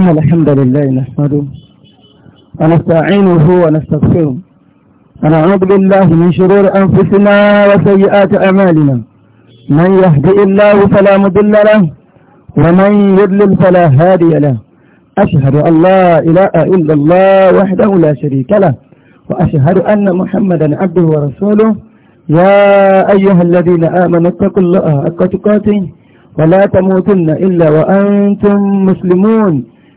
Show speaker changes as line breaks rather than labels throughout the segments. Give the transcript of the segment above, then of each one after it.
إن الحمد لله نحمده ونستعينه ونستغفره ونعوذ بالله من شرور أنفسنا وسيئات أعمالنا من يهدئ الله فلا مضل له ومن يضلل فلا هادي له أشهد أن لا إله إلا الله وحده لا شريك له وأشهد أن محمدا عبده ورسوله يا أيها الذين آمنوا اتقوا الله حق تقاته ولا تموتن إلا وأنتم مسلمون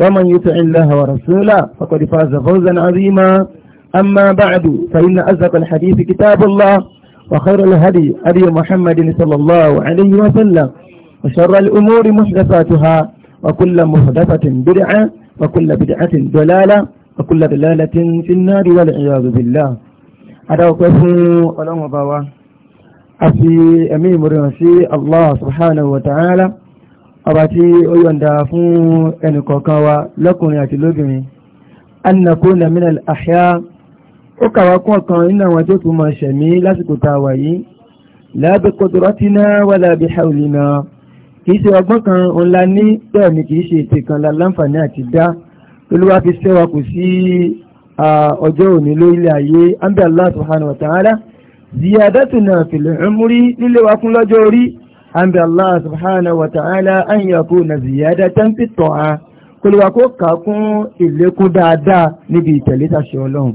ومن يطع الله ورسوله فقد فاز فوزا عظيما أما بعد فإن أزق الحديث كتاب الله وخير الهدي هدي محمد صلى الله عليه وسلم وشر الأمور محدثاتها وكل محدثة بدعة وكل بدعة ضلالة وكل ضلالة في النار والعياذ بالله هذا ولهم بوا أفي أمي مرسي الله سبحانه وتعالى ọba tí ó yọ̀ǹda fún ẹnìkọ̀ọ̀kan wa lọ́kùnrin àti lóbìnrin annakó namina àṣà ó kàwá kún ọ̀kan nínú àwọn tó tún máa ṣẹ̀mí lásìkò tá a wà yìí lábẹ́ kòtòrọ́tínà wà lábẹ́ haulina kìí ṣe ọgbọ́n kan ńlá ní bẹ́ẹ̀ kìí ṣe ètè kan láǹfààní àti dá olúwa fi ṣẹ́wà kù sí ọjọ́ òní lórílẹ̀ ayé ambi Allah subhanahu wa ta'ala ziyadatuna fil umri lílé wa fún lọ́jọ́ orí àbí Allah subhanahu wa ta'ala an yakuna ziyadatan fi ta'a kólúwa kó kà kún ìlékún dáadáa níbi ìtẹ̀lé tàṣẹ ọlọ́run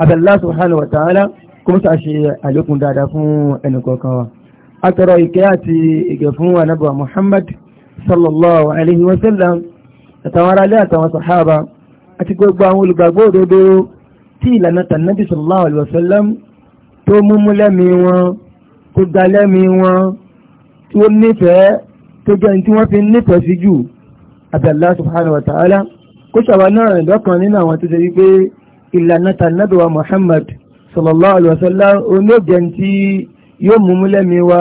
àbí Allah subhanahu wa ta'ala kó ń ṣàṣe àlékún dáadáa fún ẹnìkọ̀ọ̀kan wa atọrọ ìkẹ́ àti ìgẹ̀ fún anábọ̀ Muhammad sallallahu alaihi wa sallam àtàwọn aráalé àtàwọn sàhábà àti gbogbo àwọn olùgbàgbọ́ òdodo tí ìlànà tànàbí sallallahu alaihi wa sallam tó mú mú lẹ́mìí wọn tó ga lẹ́mi wọn tí ó nífẹ̀ẹ́ tó jẹ́ tí wọ́n fi nífẹ̀ẹ́ sí jù àbí Allah subhanahu wa ta'ala kó ṣàwà náà lọ́kàn nínú àwọn tó ṣe wípé ìlànà tànàbíwa Muhammad sallallahu alaihi wasallam oníjẹ tí yóò mú mú lẹ́mi wa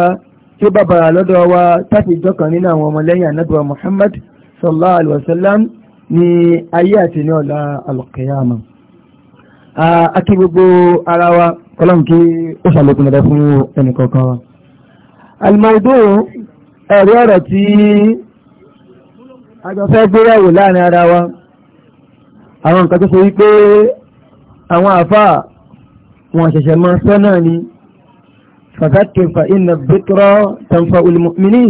tí ó bá bàrà lọ́dọ̀ wa tàbí ìjọkàn nínú àwọn ọmọlẹ́yìn ànàbíwa Muhammad sallallahu alaihi wasallam ní ayé àti ní ọ̀la al àti gbogbo ara wa kọ́lọ́n kí ó ṣàlékún rẹ̀ fún ẹnìkọ̀ọ̀kan wa. alimaido ẹ̀rí ọ̀rọ̀ tí àjọ fẹ́ gbéyàwó láàrin ara wa àwọn nǹkan tó ṣe wípé àwọn àáfàá wọn ṣẹ̀ṣẹ̀ máa sọ náà ni fàtàkì fa iná bíkírọ́ tàǹfà olùmọ̀mìnì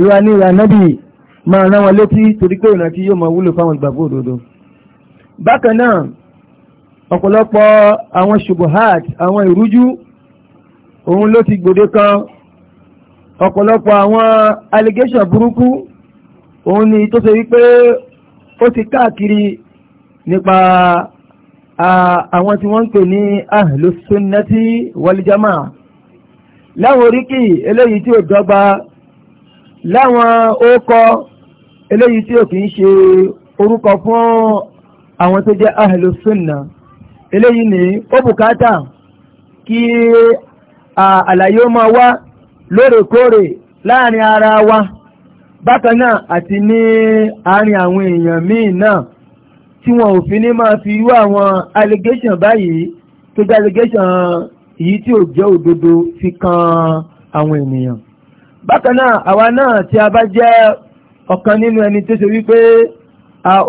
ìwà ní ìwà nábì máa rán wọn létí torí pé ìrántí yóò máa wúlò fáwọn ìgbàgbọ́ òdodo. bákan náà ọ̀pọ̀lọpọ̀ àwọn ṣubuhat àwọn ìrújú òun ló ti gbòde kan ọ̀pọ̀lọpọ̀ àwọn allegation burúkú òun ni tó ṣe wípé ó ti káàkiri nípa àwọn tí wọ́n ń pè ní ahlu sunnati wal jamaa láwọn oríkì eléyìí tí ò dọ́gba láwọn ókọ eléyìí tí ò kì ṣe orúkọ fún àwọn tó jẹ́ ahlu eléyìí ní ó bùkátà kí àlàyé ó máa wá lóòrèkóòrè láàrin ara wa bákan náà àti ní àárín àwọn èèyàn míì náà tí wọn ò fi ní máa fi irú àwọn allegation báyìí tó jẹ́ allegation èyí tí ò jẹ́ òdodo fi kan àwọn ènìyàn bákan náà àwa náà tí a bá jẹ́ ọ̀kan nínú ẹni tó ṣe wípé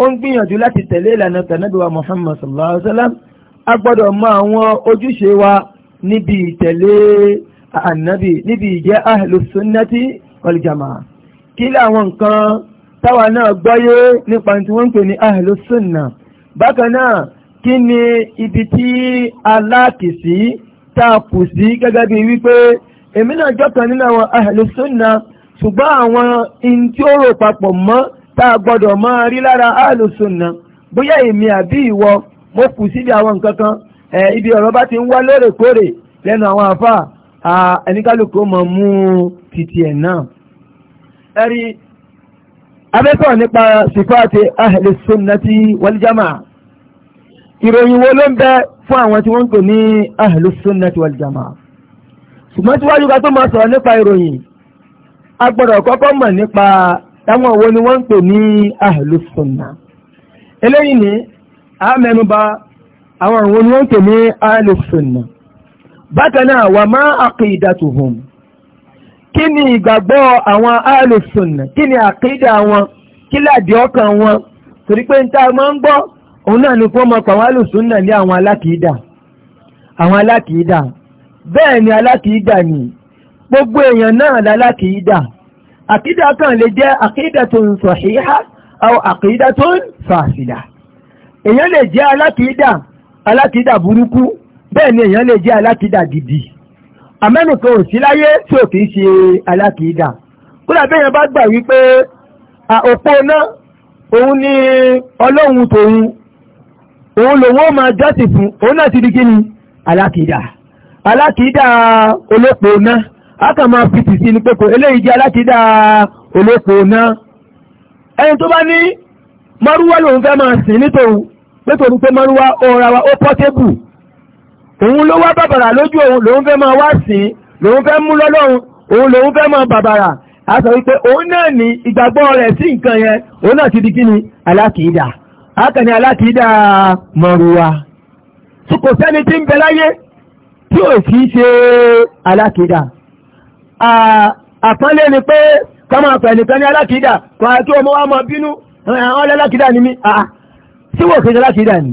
ó ń gbìyànjú láti tẹ̀lé ìlànà tànàbíwá Muhammad sallallahu alaihi wa sallam a gbọ́dọ̀ mọ àwọn ojúṣe wa níbi ìtẹ̀lé ànábì níbi ìjẹ́ ahlùsúnnẹ́tì ọ̀lìjàmà kí láwọn nǹkan táwa náà gbọ́yé nípa tí wọ́n ń pè ní ahlùsúnnà bákan náà kí ni ibi tí aláàkìsí tá a kù sí gẹ́gẹ́ bí wípé èmi náà jọ́kan nínú àwọn ahlùsúnnà ṣùgbọ́n àwọn in tí ó rò papọ̀ mọ́ tá a gbọ́dọ̀ máa rí lára ahlùsúnnà bóyá èmi àbí ìwọ mo kù síbi àwọn nǹkan kan ibi ọ̀rọ̀ bá ti ń wá lóòrèkóòrè lẹ́nu àwọn àfà ẹnikálukú mọ̀ mú títí ẹ̀ náà. ẹ̀rí abẹ́kọ̀ nípa sífáàtì ahli sunnati wal jamaa ìròyìn wo ló ń bẹ fún àwọn tí wọ́n ń pè ní ahli sunnati wal jamaa ṣùgbọ́n tí ká tó máa sọ̀rọ̀ nípa ìròyìn a gbọ́dọ̀ kọ́kọ́ mọ̀ nípa táwọn wo ni wọ́n ń pè ní ahli sunna eléyìí ní a mẹ́nubà àwọn àwọn ni wọ́n pè ní alùsùnà bákan náà wà má aqidatuhum kí ni ìgbàgbọ́ àwọn alùsùnà kí ni àkídà wọn kí láàdì ọkàn wọn torí pé ń tá a máa ń gbọ́ òun náà ni fọ́n mọ̀ àwọn alùsùnà ní àwọn alákìídà àwọn alákìídà bẹ́ẹ̀ ni alákìídà ni gbogbo èèyàn náà lálákìídà àkídà kan lè jẹ́ àkídà tó ń sahiha àkídà tó ń fasida èèyàn lè jẹ́ alákìídà alákìídà burúkú bẹ́ẹ̀ ni èèyàn lè jẹ́ alákìídà gidi àmẹ́nìkan ò sí láyé tí ò kì í ṣe alákìídà kódà bẹ́ẹ̀ bá gbà wípé òpó náà òun ni ọlọ́run tòun òun lòun ó máa jọ́sìn fún òun náà ti di kí ni alákìídà alákìídà olóòpó náà a kàn máa fi tìsí ní pẹ́kọ̀ eléyìí jẹ́ alákìídà olóòpó náà ẹni tó bá ní mọ́rúwọ́ lòun fẹ́ máa sìn nítòun nítorí pé mọ́rúwá ọ̀rọ̀ wa ó pọ́tébù òun ló wá bàbàrà lójú òun lòun fẹ́ máa wá sí lòun fẹ́ mú lọ́lọ́run òun lòun fẹ́ máa bàbàrà a sọ wípé òun náà ní ìgbàgbọ́ rẹ̀ sí nǹkan yẹn òun náà ti di kíni alákìídà akànni alákìídà mọ́rúwá tí kò sẹ́ni tí ń bẹ láyé tí ò sí ṣe alákìídà àpọ́nlé ni pé kọ́mọ̀ pẹ̀lú pẹ̀lú alákìídà kọ́ àti ọmọ wa mọ̀ bínú àwọn tí wọ́n kéde alákìídà ni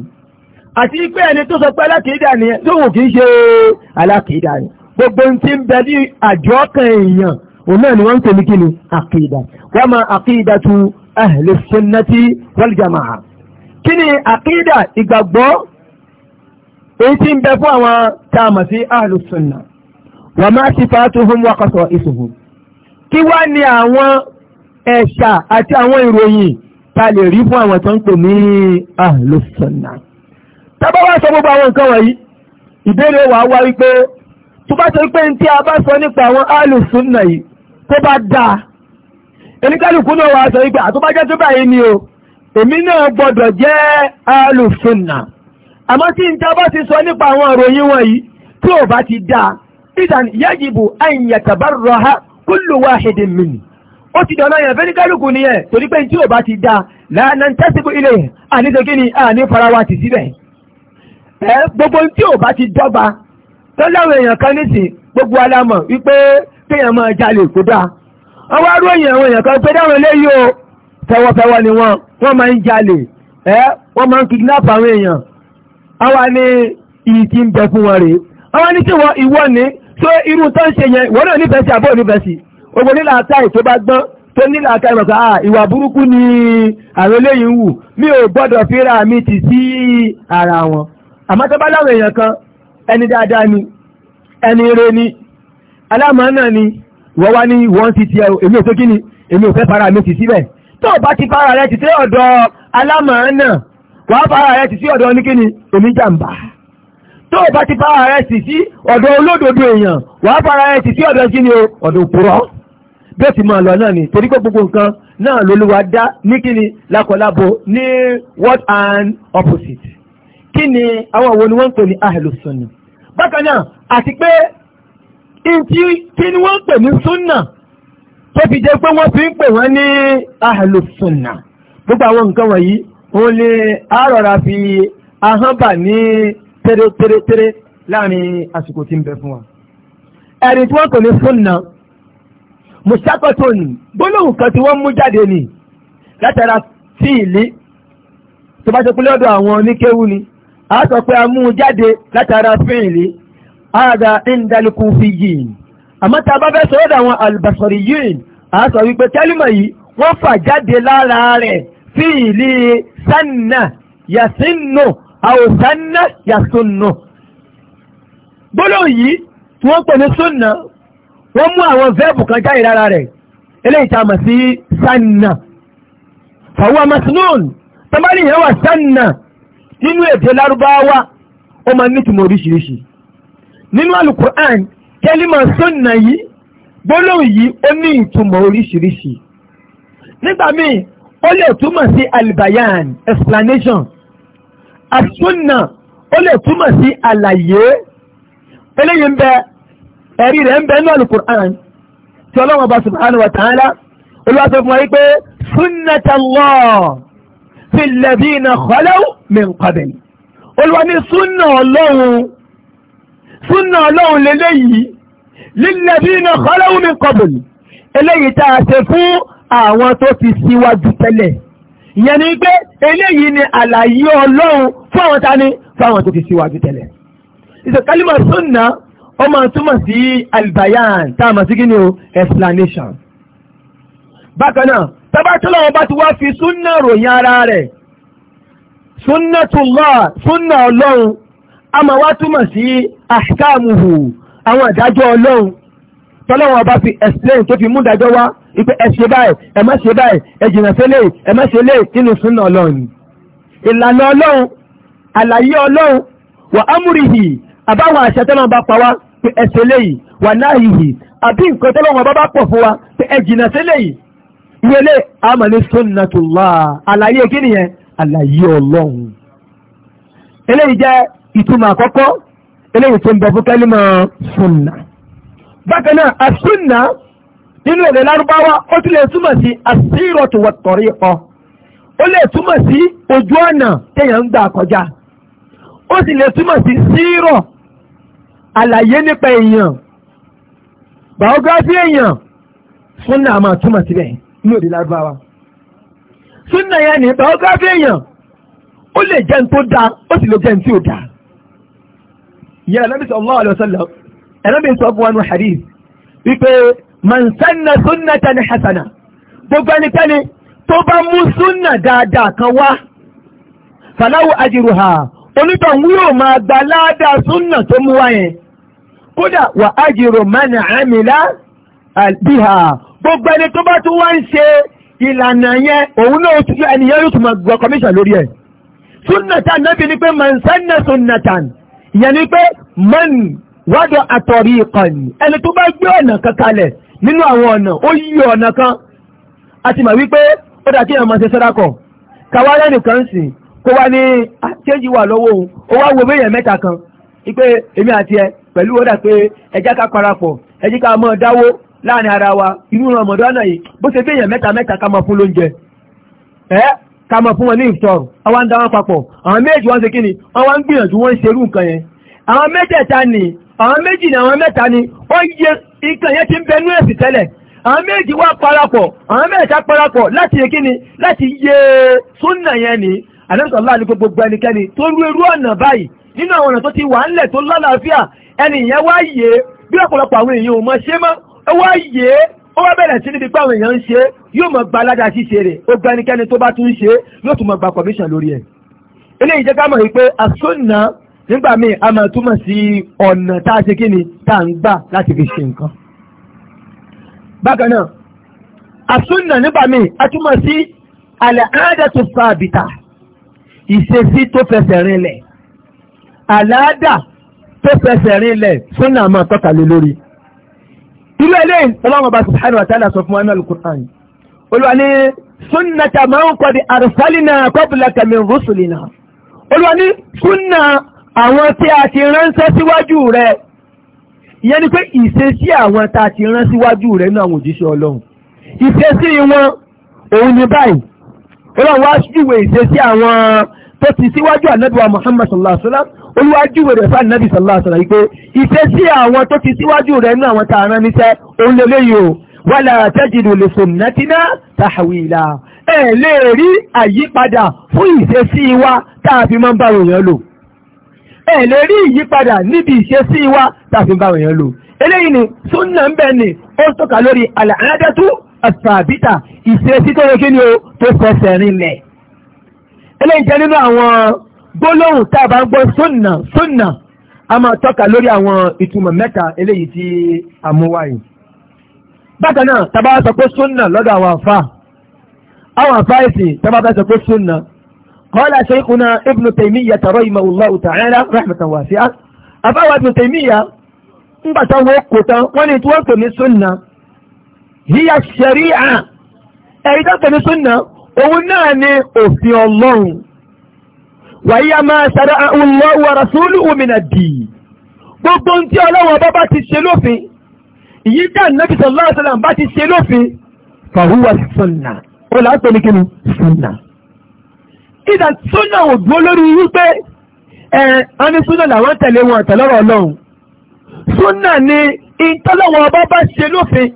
àti pé ẹni tó sọ pé alákìídà ni tó wò kìí ṣe alákìídà ni gbogbo ti ń bẹ ní àjọ kan èèyàn òun náà ni wọ́n ń pè ní kíni àkìídà wọ́n máa àkìídà tu ahli sunnati wal jamaa ni àkìídà ìgbàgbọ́ èyí tí ń bẹ fún àwọn tá a mọ̀ sí ahli sunna wa ma sifatuhum wa qasaisuhum kí wá ní àwọn ẹ̀ṣà àti àwọn ìròyìn ta lè rí fún àwọn tó ń pè ní àlùsọ̀nà tábà wá sọ gbogbo àwọn nǹkan wọ̀nyí ìbéèrè wa wá wípé tó bá ṣe pé tí a bá sọ nípa àwọn àlùsọ̀nà yìí tó bá dáa oníkálukú náà wàá sọ wípé àtúbájá tó báyìí ni o èmi náà gbọ́dọ̀ jẹ́ àlùsọ̀nà àmọ́ tí n ta bá ti sọ nípa àwọn ìròyìn wọ̀nyí tí ò bá ti dáa ìdàn yẹ́jìbù àyìnyàtàbárọ̀ ha kúlù wáhìdì mìíràn ó ti dọ̀nà yẹn fẹ́ ní kálukú ni yẹn torí pé tí ò bá ti da lànà tẹ́sìkú ilé àníṣekí ni àní farawa ti síbẹ̀ ẹ gbogbo tí ò bá ti dọ́gba tó láwọn èèyàn kan nísìn gbogbo alámọ̀ wípé kéèyàn máa jalè kó dáa wọ́n wá àwọn èèyàn kan pé dáwọn eléyìí o fẹwọ́fẹwọ́ ni wọ́n wọ́n máa ń jalè ẹ wọ́n máa ń kidnap àwọn èèyàn àwa ni iyì ti ń bẹ fún wọn rèé àwa ní tí ìwọ ní tó irú tó ń ṣe yẹn ìwọ náà nífẹ̀ẹ́ sí àbọ̀ nífẹ̀ẹ́ sí gbogbo nílà táì tó bá gbọ́n tó nílà táì mọ̀ sáà ah, ìwà burúkú ni àwọn eléyìí ń wù mí ò gbọ́dọ̀ fíra mi tì sí ara wọn àmọ́ tó bá láwọn èèyàn kan ẹni dáadáa ni ẹni ire ni alámọ̀ náà ni wọ́n wá ní wọ́n ti tiẹ̀ èmi ò fẹ́ ni èmi ò fẹ́ fara mi tì síbẹ̀ tó o bá ti fara rẹ ti sí ọ̀dọ̀ alámọ̀ náà wàá fara rẹ ti sí ọ̀dọ̀ oníkíni èmi jàǹbá tó o bá ti fara rẹ ti sí ọ̀dọ̀ olódodo èèyàn wàá fara rẹ ti sí ọ̀dọ̀ kí ni o ọ̀dọ̀ òpùrọ́ bí ó ti máa lọ náà ni torí pé gbogbo nǹkan náà lolúwa dá ní kíni lákọ̀ọ́lábo ní what and opposite kí ni àwọn wo ni wọ́n ń pè ní ahlùsùnà bákan náà àti pé ìtí kí ni wọ́n ń pè ní súnà tó fi jẹ́ pé wọ́n fi ń pè wọ́n ní ahlùsùnà gbogbo àwọn nǹkan wọ̀nyí òun ni a rọra fi ahọ́n ní tẹ́rẹ́tẹ́rẹ́tẹ́rẹ́ láàrin àsìkò tí ń bẹ fún wa ẹ̀rí tí wọ́n pè ní súnà mùsàkọ́tò ní gbólóhùn kan tí wọ́n mú jáde ní látara tí ìlí tó bá ṣe pé lọ́dọ̀ àwọn oníkéwú ni a sọ pé a mú un jáde látara fún ìlí ààdà ìndálukú fi yìí àmọ́ tá a bá fẹ́ sọ́dọ̀ àwọn àlùbàṣọ̀rì yìí a sọ wípé kẹ́límọ̀ yìí wọ́n fà jáde lára rẹ̀ fi ìlí sanna yasinu àwòsánná yasunnu gbólóhùn yìí tí wọ́n pè ní sunna wọ́n mú àwọn vẹ́ẹ̀bù kan jáde lára rẹ̀ eléyìí tá a mọ̀ sí sanna fàwọn masnun tọ́mọ́lì yẹn wà sanna nínú èdè lárúbáwá ó máa nítumọ̀ oríṣiríṣi nínú alukur'an kẹ́límà sunna yìí gbólóhùn yìí ó ní ìtumọ̀ oríṣiríṣi nígbà míì ó lè túmọ̀ sí albayan explanation asunna ó lè túmọ̀ sí àlàyé eléyìí ń bẹ́ẹ̀ ẹ̀rí rẹ̀ ń bẹ ní Al-Qur'an tí ọlọ́wọ́n bá subhanahu wa ta'ala olúwa sọ fún wa wípé sunnatallahi fil ladhina khalaw min qabl olúwa ní súnà ọlọ́run súnà ọlọ́run lélẹ́yìí lil ladhina khalaw min qabl eléyìí tá a ṣe fún àwọn tó ti síwájú tẹ́lẹ̀ ìyẹn ni pé eléyìí ni àlàyé ọlọ́run fún àwọn tani fún àwọn tó ti síwájú tẹ́lẹ̀ ìṣèkálímọ̀ súnà ó máa túmọ̀ sí albayan tá sí kíni explanation. bákan náà tabatula wọn bá ti wá fi súnà ròyìn ara rẹ̀ sunnatullah súnà ọlọ́run a máa wá túmọ̀ sí ahkamuhu àwọn ìdájọ́ ọlọ́run tọ́lọ́wọ́n ọba fi explain tó fi mú ìdájọ́ wá ipe ẹ ṣe báyìí ẹ má ṣe báyìí ẹ jìnà sílẹ̀ ẹ má ṣe lé nínú súnà ọlọ́run ìlànà ọlọ́run àlàyé ọlọ́run wà ámúrìhì àbáwọn àṣẹ tọ́lọ́wọ́n bá pa wá pé ẹsẹ̀ léyìí wà yìí àbí nǹkan bá wa pé ẹ sí léyìí ìwé lé àmọ́ àlàyé kí nìyẹn àlàyé ọlọ́run eléyìí jẹ́ ìtumọ̀ àkọ́kọ́ eléyìí tó ń bẹ fún kẹ́límọ̀ sunna bákan náà àsunna nínú èdè lárúbáwá ó ti lè túmọ̀ sí àsírọ̀tù wa ó lè túmọ̀ sí ojú ọ̀nà téèyàn ń gbà kọjá ó sì lè túmọ̀ sí sírọ̀ àlàyé nípa èèyàn biography èèyàn súnà àmọ́ túmọ̀ síbẹ̀ ní òde lárúbáwá súnà yẹn ní biography èèyàn ó lè jẹ́ ní tó dáa ó sì lè jẹ́ ní tí ò dáa ìyẹn Ànábì sallallahu alaihi wasallam Ànábì sọ fún wa nù hadith wípé man sanna sunnatan hasana gbogbo ẹnikẹ́ni tó bá mú súnà dáadáa kan wá fàláwù ajruha onítọ̀hún yóò máa gba ládàá súnà tó mú wá kódà wà ájìrò mánà àmìlá àbíhà gbogbo ẹni tó bá tún wá ń ṣe ìlànà yẹn òun náà tún ẹnìyàn yóò tún máa gbọ́ kọmíṣà lórí ẹ̀ súnnàtà nábì ni pé mọ̀nsánà súnnàtà ìyẹn ni pé mọ́n wádọ̀ àtọ̀rí ìkànnì ẹni tó bá gbé ọ̀nà kan kalẹ̀ nínú àwọn ọ̀nà ó yí ọ̀nà kan a ti mọ̀ wípé ó dà kí ẹ̀mọ̀ ṣe sọ́dákọ̀ kàwárẹ́ nìkan sì kó wá ní àṣẹ́jì ah, wà lọ́wọ́ òun ó wá wo béèyàn mẹ́ta kan wípé èmi àti ẹ pẹ̀lú ọ̀dà pé ẹjá ká parapọ̀ ẹjí ká mọ́ dáwó láàrin ara wa inú rọmọdọ́nà yìí bó ṣe bí èèyàn mẹ́ta mẹ́ta ká máa fún lóúnjẹ ẹ́ ká máa fún wọn ní ìtọ̀rù ọwá ń dá wọn papọ̀ àwọn méjì wọ́n ṣe kí ni wọ́n wá ń gbìyànjú wọ́n ń ṣerú nǹkan yẹn àwọn mẹ́tẹ̀ẹ̀ta ni àwọn méjì ni àwọn mẹ́ta ni ó yẹ nǹkan yẹn ti ń bẹnú ẹ̀sìn tẹ́lẹ̀ àwọn méjì wá parapọ̀ àwọn mẹ́ta parapọ̀ láti yẹ kí ni láti yẹ súnà yẹn ni àdéhùn sọ̀rọ̀ láàrin gbogbo ẹnikẹ́ni tó rú irú ọ̀nà báyìí nínú àwọn ọ̀nà tó ti wà ńlẹ̀ tó lálàáfíà ẹni ìyẹn wá yé bí ọ̀pọ̀lọpọ̀ àwọn èèyàn ò mọ ṣe mọ́ ó wá yé ó wá bẹ̀rẹ̀ sí níbi pé àwọn èèyàn ń ṣe yóò mọ̀ gba aládàá ṣíṣe rẹ̀ ó gba ẹnikẹ́ni tó bá tún ṣe yóò tún mọ̀ gba commission lórí ẹ̀ eléyìí jẹ́ ká mọ̀ wípé àsọ́nà nígbà míì a máa túmọ̀ sí ọ̀nà tá a ṣe kí ni tá a ń gbà láti fi ṣe nǹkan bákan náà àsọ́nà nígbà míì a túmọ̀ sí àlàáda tó fa àbìtà ìṣesí tó fẹsẹ̀ rinlẹ̀ àlàáda tó fẹsẹ̀ rin ilẹ̀ súnà máa tọ́ka lé lórí. irú eléyìí ọlọ́run ọba subhanahu wa ta'ala sọ fún wa náà al-Qur'an olúwa ní sunnata man qad arsalna qablaka min olúwa ní súnà àwọn tí a ti ránṣẹ́ síwájú rẹ̀ ìyẹn ni pé ìṣesí àwọn tá a ti rán síwájú rẹ̀ náà àwọn òjíṣẹ́ ọlọ́run ìṣesí wọn òun ni báyìí ọlọ́run wá júwe ìṣesí àwọn tó ti síwájú ànábìwá Muhammad sallallahu alaihi wa sallam olúwájúwe rẹ̀ fún ànábì sallallahu alaihi wa sallam yìí pé ìfẹ́ sí àwọn tó ti síwájú rẹ̀ nínú àwọn tààrán níṣẹ́ òun lè léyìí o wala tajidu li sunnatina tahwila ẹ lè rí àyípadà fún ìṣesí wa tààbí máa ń bá èèyàn lò ẹ lè rí ìyípadà níbi ìṣesí wa tààbí bá èèyàn lò eléyìí ni súnà ń bẹ ni ó tọ́ka lórí al-aadatu as-sabita tó yẹ kí ni o tó fẹsẹ̀ rinlẹ̀ eléyìí jẹ́ nínú àwọn gbólóhùn tá a bá ń gbọ́ sunna sunna a máa tọ́ka lórí àwọn ìtumọ̀ mẹ́ta eléyìí tí a mú wáyé bákan náà tá a bá sọ pé sunna lọ́dọ̀ àwọn àfa àwọn àfa ẹ̀sìn tá a bá sọ pé sunna qala shaykhuna ibnu taymiya rahimahullahu ta'ala rahmatan wasi'a àbáwá ibnu taymiya ńgbà táwọn okò tán wọ́n ní tí wọ́n pè ní sunna hiya shari'a ẹ̀rí tó pè ní sunna òun náà ni òfin ọlọ́run wàyí a máa ṣàdá Allahu wa rasuluhu min ad-din gbogbo tí ọlọ́wọ́ bá bá ti ṣe lófin ìyí dá nàbí sallallahu alaihi wasallam bá ti ṣe lófin fa huwa sunnah ó láàpẹ́ ní kínú sunnah ìdá sunnah ò dúró lórí wípé ẹ̀ ọ́n ní sunnah làwọn tẹ̀lé wọn tẹ̀lọ́rọ̀ ọlọ́run sunnah ni ìtọ́lọ́wọ́ bá bá ṣe lófin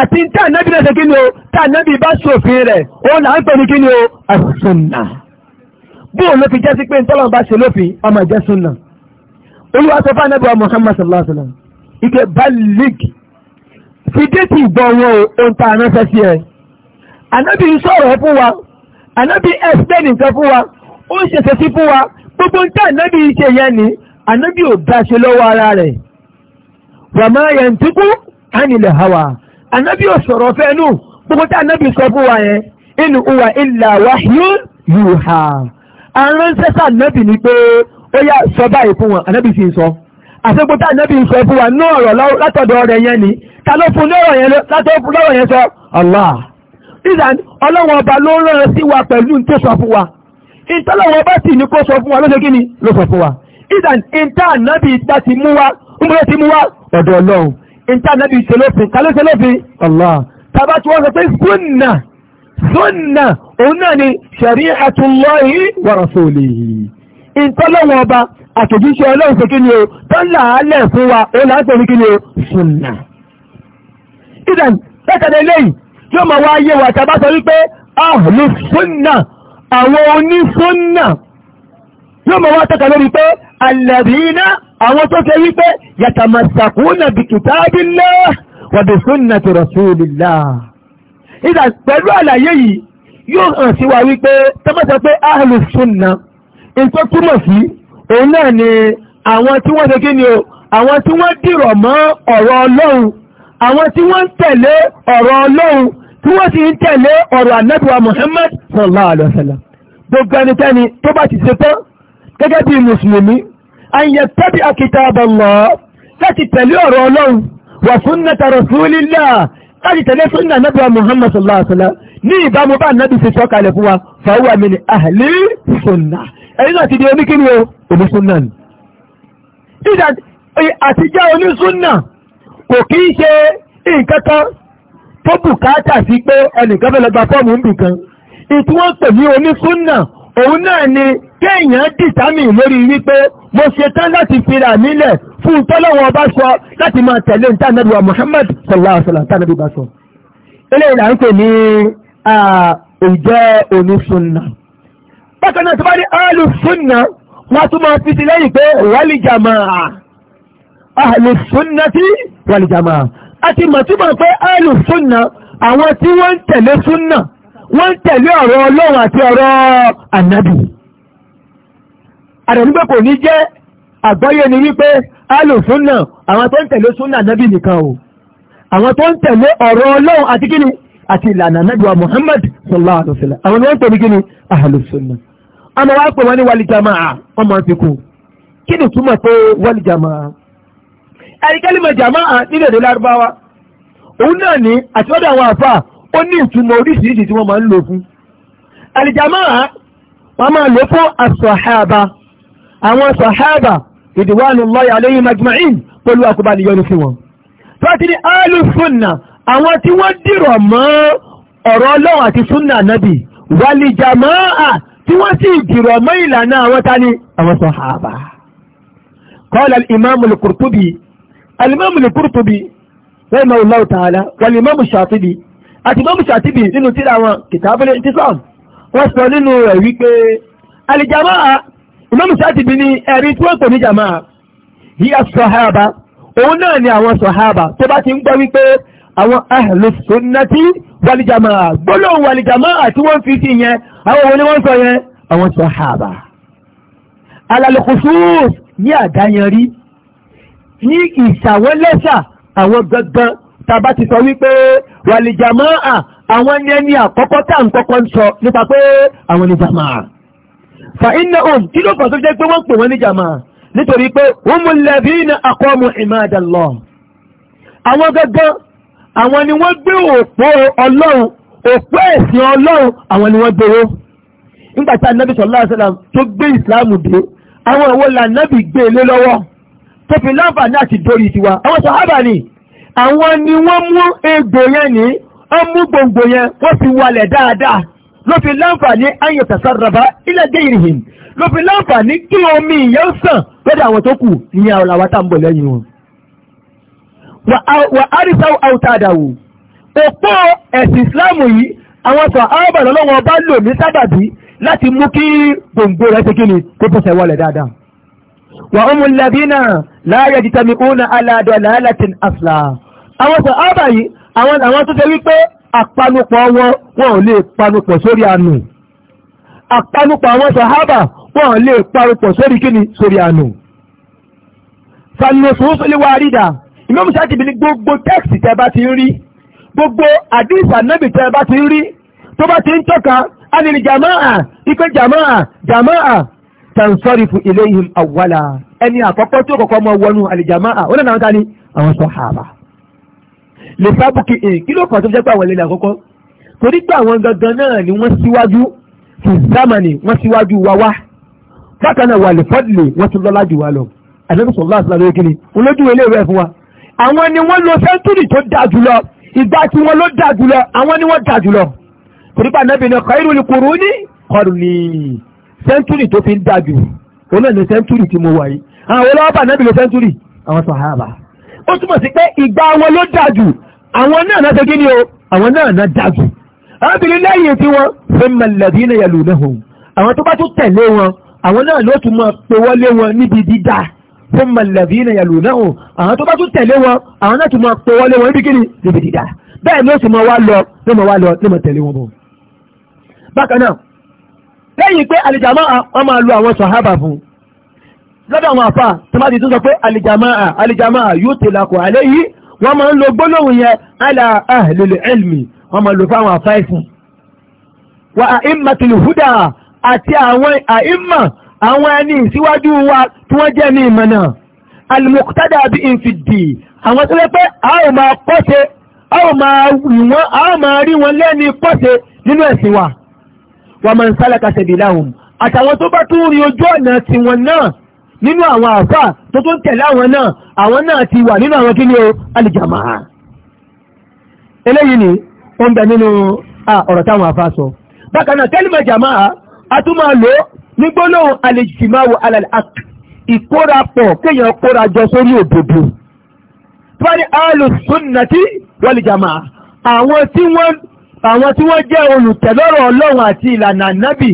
àti tí ànábì náà ṣe kí ni o tí ànábì bá ṣòfin rẹ̀ òun là ń pè ní kí ni o àṣùnà bí òun ló fi jẹ́ pé ntọ́lọ́n bá ṣe lófin ọmọ ìjẹ́ súnà olúwa sọ fún ànábì wa Muhammad sallallahu alayhi wa sallam ike balig fi déètì ìgbọ́ wọn o ohun tá a ránṣẹ́ sí ẹ ànábì ń sọ̀rọ̀ fún wa ànábì ẹ̀sìtẹ́nì nǹkan fún wa ó ń ṣẹ̀ṣẹ̀ sí fún wa gbogbo ń tẹ́ ànábì ṣe yẹn ni ànábì ò bá lọ́wọ́ ara rẹ̀ wàmáyẹ̀ ń tukú ánilẹ̀ hawa ànábì ò sọ̀rọ̀ fẹ́ nù gbogbo tí ànábì sọ fún wa yẹn inú wa ilà wáyé yùhà aránṣẹ́ sànábì ni pé ó yá sọ báyìí fún wọn ànábì sì ń sọ àṣepọ̀ tí ànábì sọ fún wa ní ọ̀rọ̀ látọ̀dọ̀ rẹ̀ yẹn ni ta ló fún lọ́rọ̀ yẹn lọ́rọ̀ yẹn sọ Allah ìdán ọlọ́wọ́n ọba ló rán sí wa pẹ̀lú tó sọ fún wa ìtọ́lọ́wọ́n ọba sì ní kó sọ fún wa ló ṣe kí ni ló sọ fún wa ìdán ìta ànábì ìta ti mú wa ń ọlọ́run ìta nẹ́bí ìṣẹ́lófin ká ló ṣẹlófin Allah tàbá tí wọ́n sọ pé súnà súnà òun náà ni shari'atullahi wa rasulihi ìtọ́lọ́wọ́ ọba àtòjíṣẹ́ ọlọ́run ṣe kí ni o tó ń làálẹ̀ fún wa ó láṣẹ ní kí ni o súnà ìdàn lẹ́kàdé lẹ́yìn tí ó wá yé wa tàbá sọ wípé ahlu súnà àwọn onísúnà yóò mọ̀ wá tẹ́ka lórí pé alladhina àwọn tó ṣe wípé yatamasakuna bi kitabillah wa bi sunnati rasulillah ìdá pẹ̀lú àlàyé yìí yóò hàn sí wa wípé tẹ́mọ́sọ pé ahlu sunna ìtọ́ túmọ̀ sí òun náà ni àwọn tí wọ́n ṣe kí ni o àwọn tí wọ́n dìrọ̀ mọ́ ọ̀rọ̀ ọlọ́run àwọn tí wọ́n ń tẹ̀lé ọ̀rọ̀ ọlọ́run tí wọ́n sì ń tẹ̀lé ọ̀rọ̀ ànábì wa Muhammad sallallahu alaihi wasallam gbogbo ẹnikẹ́ni tó bá ti ṣe tán gẹ́gẹ́ bí mùsùlùmí an yattabi'a kitaballah láti tẹ̀lé ọ̀rọ̀ ọlọ́run wa sunnata rasulillah láti tẹ̀lé súnnà nẹ́bíwá muhammad sallallahu alaihi wasallam ní ìbámu bá nẹ́bí ṣe sọ́kalẹ̀ fún wa fahuwa min ahli súnnà ẹ̀rí náà ti di oníkíni o omi súnnà ni. ìdá àtijọ́ onísúnnà kò kí í ṣe nǹkan tó bùkátà sí pé ẹnìkan fẹ́ lọ gba fọ́ọ̀mù nbìkan ìtúwọ́n pè ní onísúnnà òun náà ni kéèyàn dìtámì lórí wípé mo ṣe tán láti fira nílẹ̀ fún tọ́lọ́wọ́ bá sọ láti máa tẹ̀lé ní tánàbíwá Muhammad sallallahu alaihi wasallam tánàbí bá sọ eléyìí là ń pè ní ìjẹ́ onísunna bákan náà tó bá ní alùsùnà wọ́n tún máa fi sí lẹ́yìn pé wàlìjàmà alùsùnà tí wàlìjàmà àti mọ̀túmọ̀ pé alùsùnà àwọn tí wọ́n ń tẹ̀lé súnà wọ́n ń tẹ̀lé ọ̀rọ̀ Ọlọ́run àti ọ̀rọ̀ ànábì àdàlúgbẹ́ kò ní jẹ́ àgbọ́yé ni wípé alò súnà àwọn tó ń tẹ̀lé súnà nábì nìkan o àwọn tó ń tẹ̀lé ọ̀rọ̀ ọlọ́run àti kíni àti ìlànà nábì wa Muhammad sallallahu alaihi wasallam àwọn ni wọ́n ń pè ní kíni ahlu súnà àmọ́ wá pè wọ́n ní wali jamaa wọ́n máa ń fi kú kí ni túmọ̀ pé wali jamaa ẹ̀ríkẹ́lì mọ̀ jamaa nílẹ̀ èdè lárúbáwá òun náà ní àtiwọ́dọ̀ àwọn àfà ó ní ìtumọ̀ oríṣiríṣi tí wọ́n máa ń lò fún àlìjàmáà wọ́n máa lò fún àsọ̀hábà àwọn sàhábà ridwanullahi alayhim ajma'in pẹ̀lú àkóbá níyọnu sí wọn fàtí ní alu sunna àwọn tí wọ́n dìrọ̀ mọ́ ọ̀rọ̀ ọlọ́run àti sunna nabi wàlì jàmáà tí wọ́n sì dìrọ̀ mọ́ ìlànà àwọn tani àwọn sàhábà qala al-imam al-qurtubi al-imam al-qurtubi رحمه الله تعالى والإمام الشاطبي الإمام nínú tírà wọn كتاب الانتصام wọ́n sọ nínú rẹ̀ wípé الجماعة Imam Shatibi ní ẹ̀rí tí wọ́n pè ní jàmáà hiya sọ̀háàbà òun náà ni àwọn sọ̀háàbà tó bá ti ń gbọ́ wípé àwọn ahlu sunnati wal jàmáà gbólóhùn wal jàmáà tí wọ́n fi sí yẹn àwọn wo ni wọ́n sọ yẹn àwọn sọ̀háàbà. alal khusus ní àdáyẹnrí ní ìṣàwọ́lẹ́sà àwọn gangan tàbá ti sọ wípé wal jàmáà àwọn ní ẹni àkọ́kọ́ tá à ń kọ́kọ́ ń sọ nípa pé àwọn ni jàmáà fa iná òun kí ló fà tó jẹ́ pé wọ́n pè wọ́n ní jàmá nítorí pé wọ́n mú lẹ́bí ní àkọ́mù ìmáàdàlọ́ àwọn gẹ́gẹ́ àwọn ni wọ́n gbé òpó ọlọ́run òpó ẹ̀sìn ọlọ́run àwọn ni wọ́n gbowó nígbà tí anábì sallallahu alaihi wasallam tó gbé ìsìláàmù dé àwọn ìwọ la nábì gbé lé lọ́wọ́ tó fi láǹfààní àti dórí tiwa àwọn sàhábà ni àwọn ni wọ́n mú egbò yẹn ní wọ́n mú gbòǹgbò yẹn wọ́n fi walẹ̀ dáadáa ló fi láǹfààní ayọ̀tàsáraba ilẹ̀ gẹ́yìnrìn ló fi láǹfààní kí omi ìyẹn sàn lọ́dọ̀ àwọn tó kù ìyẹn àwọn làwọn tá ń bọ̀ lẹ́yìn wọn. wà á rí sáwọ́ àwùtàdà wò òpó ẹ̀sìn ìsìláàmù yìí àwọn sọ arábàlọ́ lọ́wọ́ bá lò ní sábàbí láti mú kí gbòǹgbò rẹ̀ ṣe kí ni kó bọ́sẹ̀ wọlé dáadáa. wà á mú lẹ́bí náà láàyè jìtàmí òun náà aládọ̀ làálàtìn àṣà àwọn sọ arábà yìí àpanupọ̀ wọn wọn ò lè panupọ̀ sórí àánú àpanupọ̀ àwọn sàhábà wọn ò lè panupọ̀ sórí kíni sórí àánú. fàlùsùn fúnlẹ̀ wá rí dà ìmọ̀ musa ti bi ni gbogbo tẹ́ẹ̀sì tẹ́ bá ti ń rí gbogbo àdìsà nẹ́bì tẹ́ bá ti ń rí tó bá ti ń tọ́ka ánìní jàmáà ikọ̀ jàmáà jàmáà tansọ́rìfù iléyìn àwọ̀là ẹni àkọ́kọ́ tó kọ̀kọ́ mọ wọnú àlìjàmáà ó náà náà ta ni àwọn sàhábà lè sábùkì èyí eh, kí ló kàn tó fi jẹ́ pé àwọn ẹlẹ́ni àkọ́kọ́ torí pé àwọn gangan náà ni wọ́n síwájú fi zámànì wọ́n síwájú wa wá bákan náà wà lè fọ́dìlì wọ́n tún lọ́lá jù wá lọ àdébùsọ̀ láàṣìlá lórí kíni olójú ilé rẹ̀ fún wa àwọn ni wọ́n lo sẹ́ńtúrì tó dáa jùlọ ìgbà tí wọ́n ló dáa jùlọ àwọn ni wọ́n dáa jùlọ torí pé ànábì ní khairul quruni qarni sẹ́ńtúrì tó fi ń dáa jù ni sẹ́ńtúrì tí ó túmọ̀ sí pé ìgbà wọn ló dájú àwọn náà náà tẹ́gí ni o àwọn náà náà dájú arábìnrin lẹ́yìn tí wọ́n fẹ́ mọ̀lẹ́bí ní yẹlò lẹ́hùn àwọn tó bá tún tẹ̀lé wọn àwọn náà ló tún máa pe wọlé wọn níbi dídá fún mọ̀lẹ́bí ní yẹlò lẹ́hùn àwọn tó bá tún tẹ̀lé wọn àwọn náà tún máa pe wọlé wọn níbi kíni níbi dídá bẹ́ẹ̀ ló sì máa wá lọ ló máa wá lọ ló máa tẹ̀lé wọn bọ̀. bákan náà lẹ́yìn pé àlìjàmọ́ àwọn máa lo àwọn sàhábà fún un lọ́dọ̀ àwọn àfà tó má ti tún sọ pé alìjàmáà alìjàmáà yóò tè lakọ̀ alẹ́ yìí wọ́n máa ń lo gbólóhùn yẹn ala ahlil ilmi wọ́n máa lò fáwọn àfà ẹ̀sìn wa àìmàtul huda àti àwọn àìmà àwọn ẹni ìsíwájú wa tí wọ́n jẹ́ ní ìmọ̀nà almuqtada bí n fi dì àwọn tó lẹ́ pé a ò máa kọ́ṣe a ò máa rí wọn a ò máa rí wọn lẹ́ni kọ́ṣe nínú ẹ̀sìn wa wa man salaka àtàwọn tó bá tún rí ojú ọ̀nà tiwọn náà nínú àwọn àfà tó tó ń tẹ̀lé àwọn náà àwọn náà ti wà nínú àwọn kí ni o alìjàmà eléyìí ni ó ń bẹ nínú ọ̀rọ̀ táwọn àfà sọ bákan náà tẹ́lẹ̀mọ̀ jàmà a tún máa lò ní gbólóhùn alìjìmáwò alàlàk ìkórapọ̀ kéèyàn kórajọ sórí òdodo tó bá ní alùsùnnàtì wàlìjàmà àwọn tí wọ́n jẹ́ olùtẹ̀lọ́rọ̀ ọlọ́run àti ìlànà nábì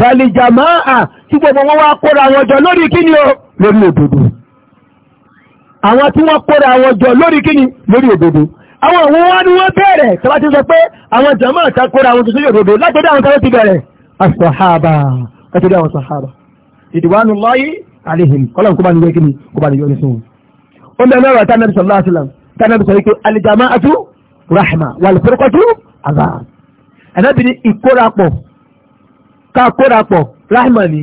wàlìjàmáà tí gbogbo wọn wá kóra wọn jọ lórí kíni o lórí òdodo àwọn tí wọ́n kóra wọn jọ lórí kíni lórí òdodo àwọn àwọn wọn ni wọ́n bẹ̀rẹ̀ tọ́lá ti sọ pé àwọn jàmáà ta kóra wọn tuntun òdodo látọ̀dọ̀ àwọn tọ́lá ti bẹ̀rẹ̀ asọ̀hábà látọ̀dọ̀ àwọn sọ̀hábà ìdìwánu lọ́yí àlehìn kọ́lọ̀n kó bá ní wé kíni kó bá ní yọ ní sóhun ó mẹ́rin ọ̀rọ̀ tánàbí sallallahu alaihi wasallam tánàbí sọ wípé aljamaatu rahma wal firqatu azab ẹ̀nàbí ni ìkórapọ̀ ká kórapọ̀ rahman ni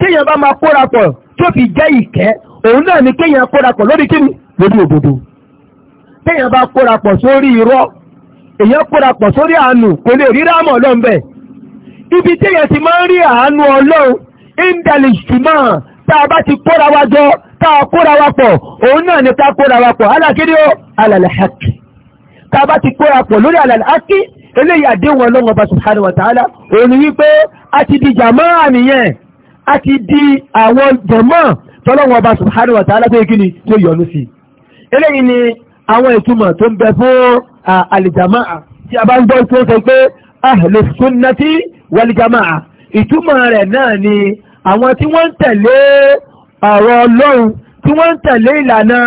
kéèyàn bá máa kórapọ̀ tó fi jẹ́ ìkẹ́ òun náà ni kéèyàn kórapọ̀ lórí kíni lórí òdodo kéèyàn bá kórapọ̀ sórí irọ́ èèyàn kórapọ̀ sórí àánú kò lè rí rámọ̀ lọ́nbẹ̀ ibi téèyàn ti máa ń rí àánú ọlọ́run indẹ̀lìṣùmọ̀ tá a bá ti kóra wa jọ tá a kóra wa pọ̀ òun náà ni ká kóra wa pọ̀ alákìrí ó alàlàákì tá a bá ti kóra pọ̀ lórí alàlàákì eléyìí àdéhùn ọlọ́run ọba subhanahu wa ta'ala òun ni wípé a ti di jàmáà nìyẹn a ti di àwọn jàmáà tọ́lọ́run ọba subhanahu wa ta'ala tó yẹ kí ni tó yọ́nú sí eléyìí ni àwọn ìtumọ̀ tó ń bẹ fún àlìjàmáà tí a bá ń gbọ́ tó sọ pé ahlu sunnati wàlìjàmáà ìtumọ̀ rẹ̀ náà ni àwọn tí wọ́n ń tẹ̀lé ọ̀rọ̀ ọlọ́run tí wọ́n ń tẹ̀lé ìlànà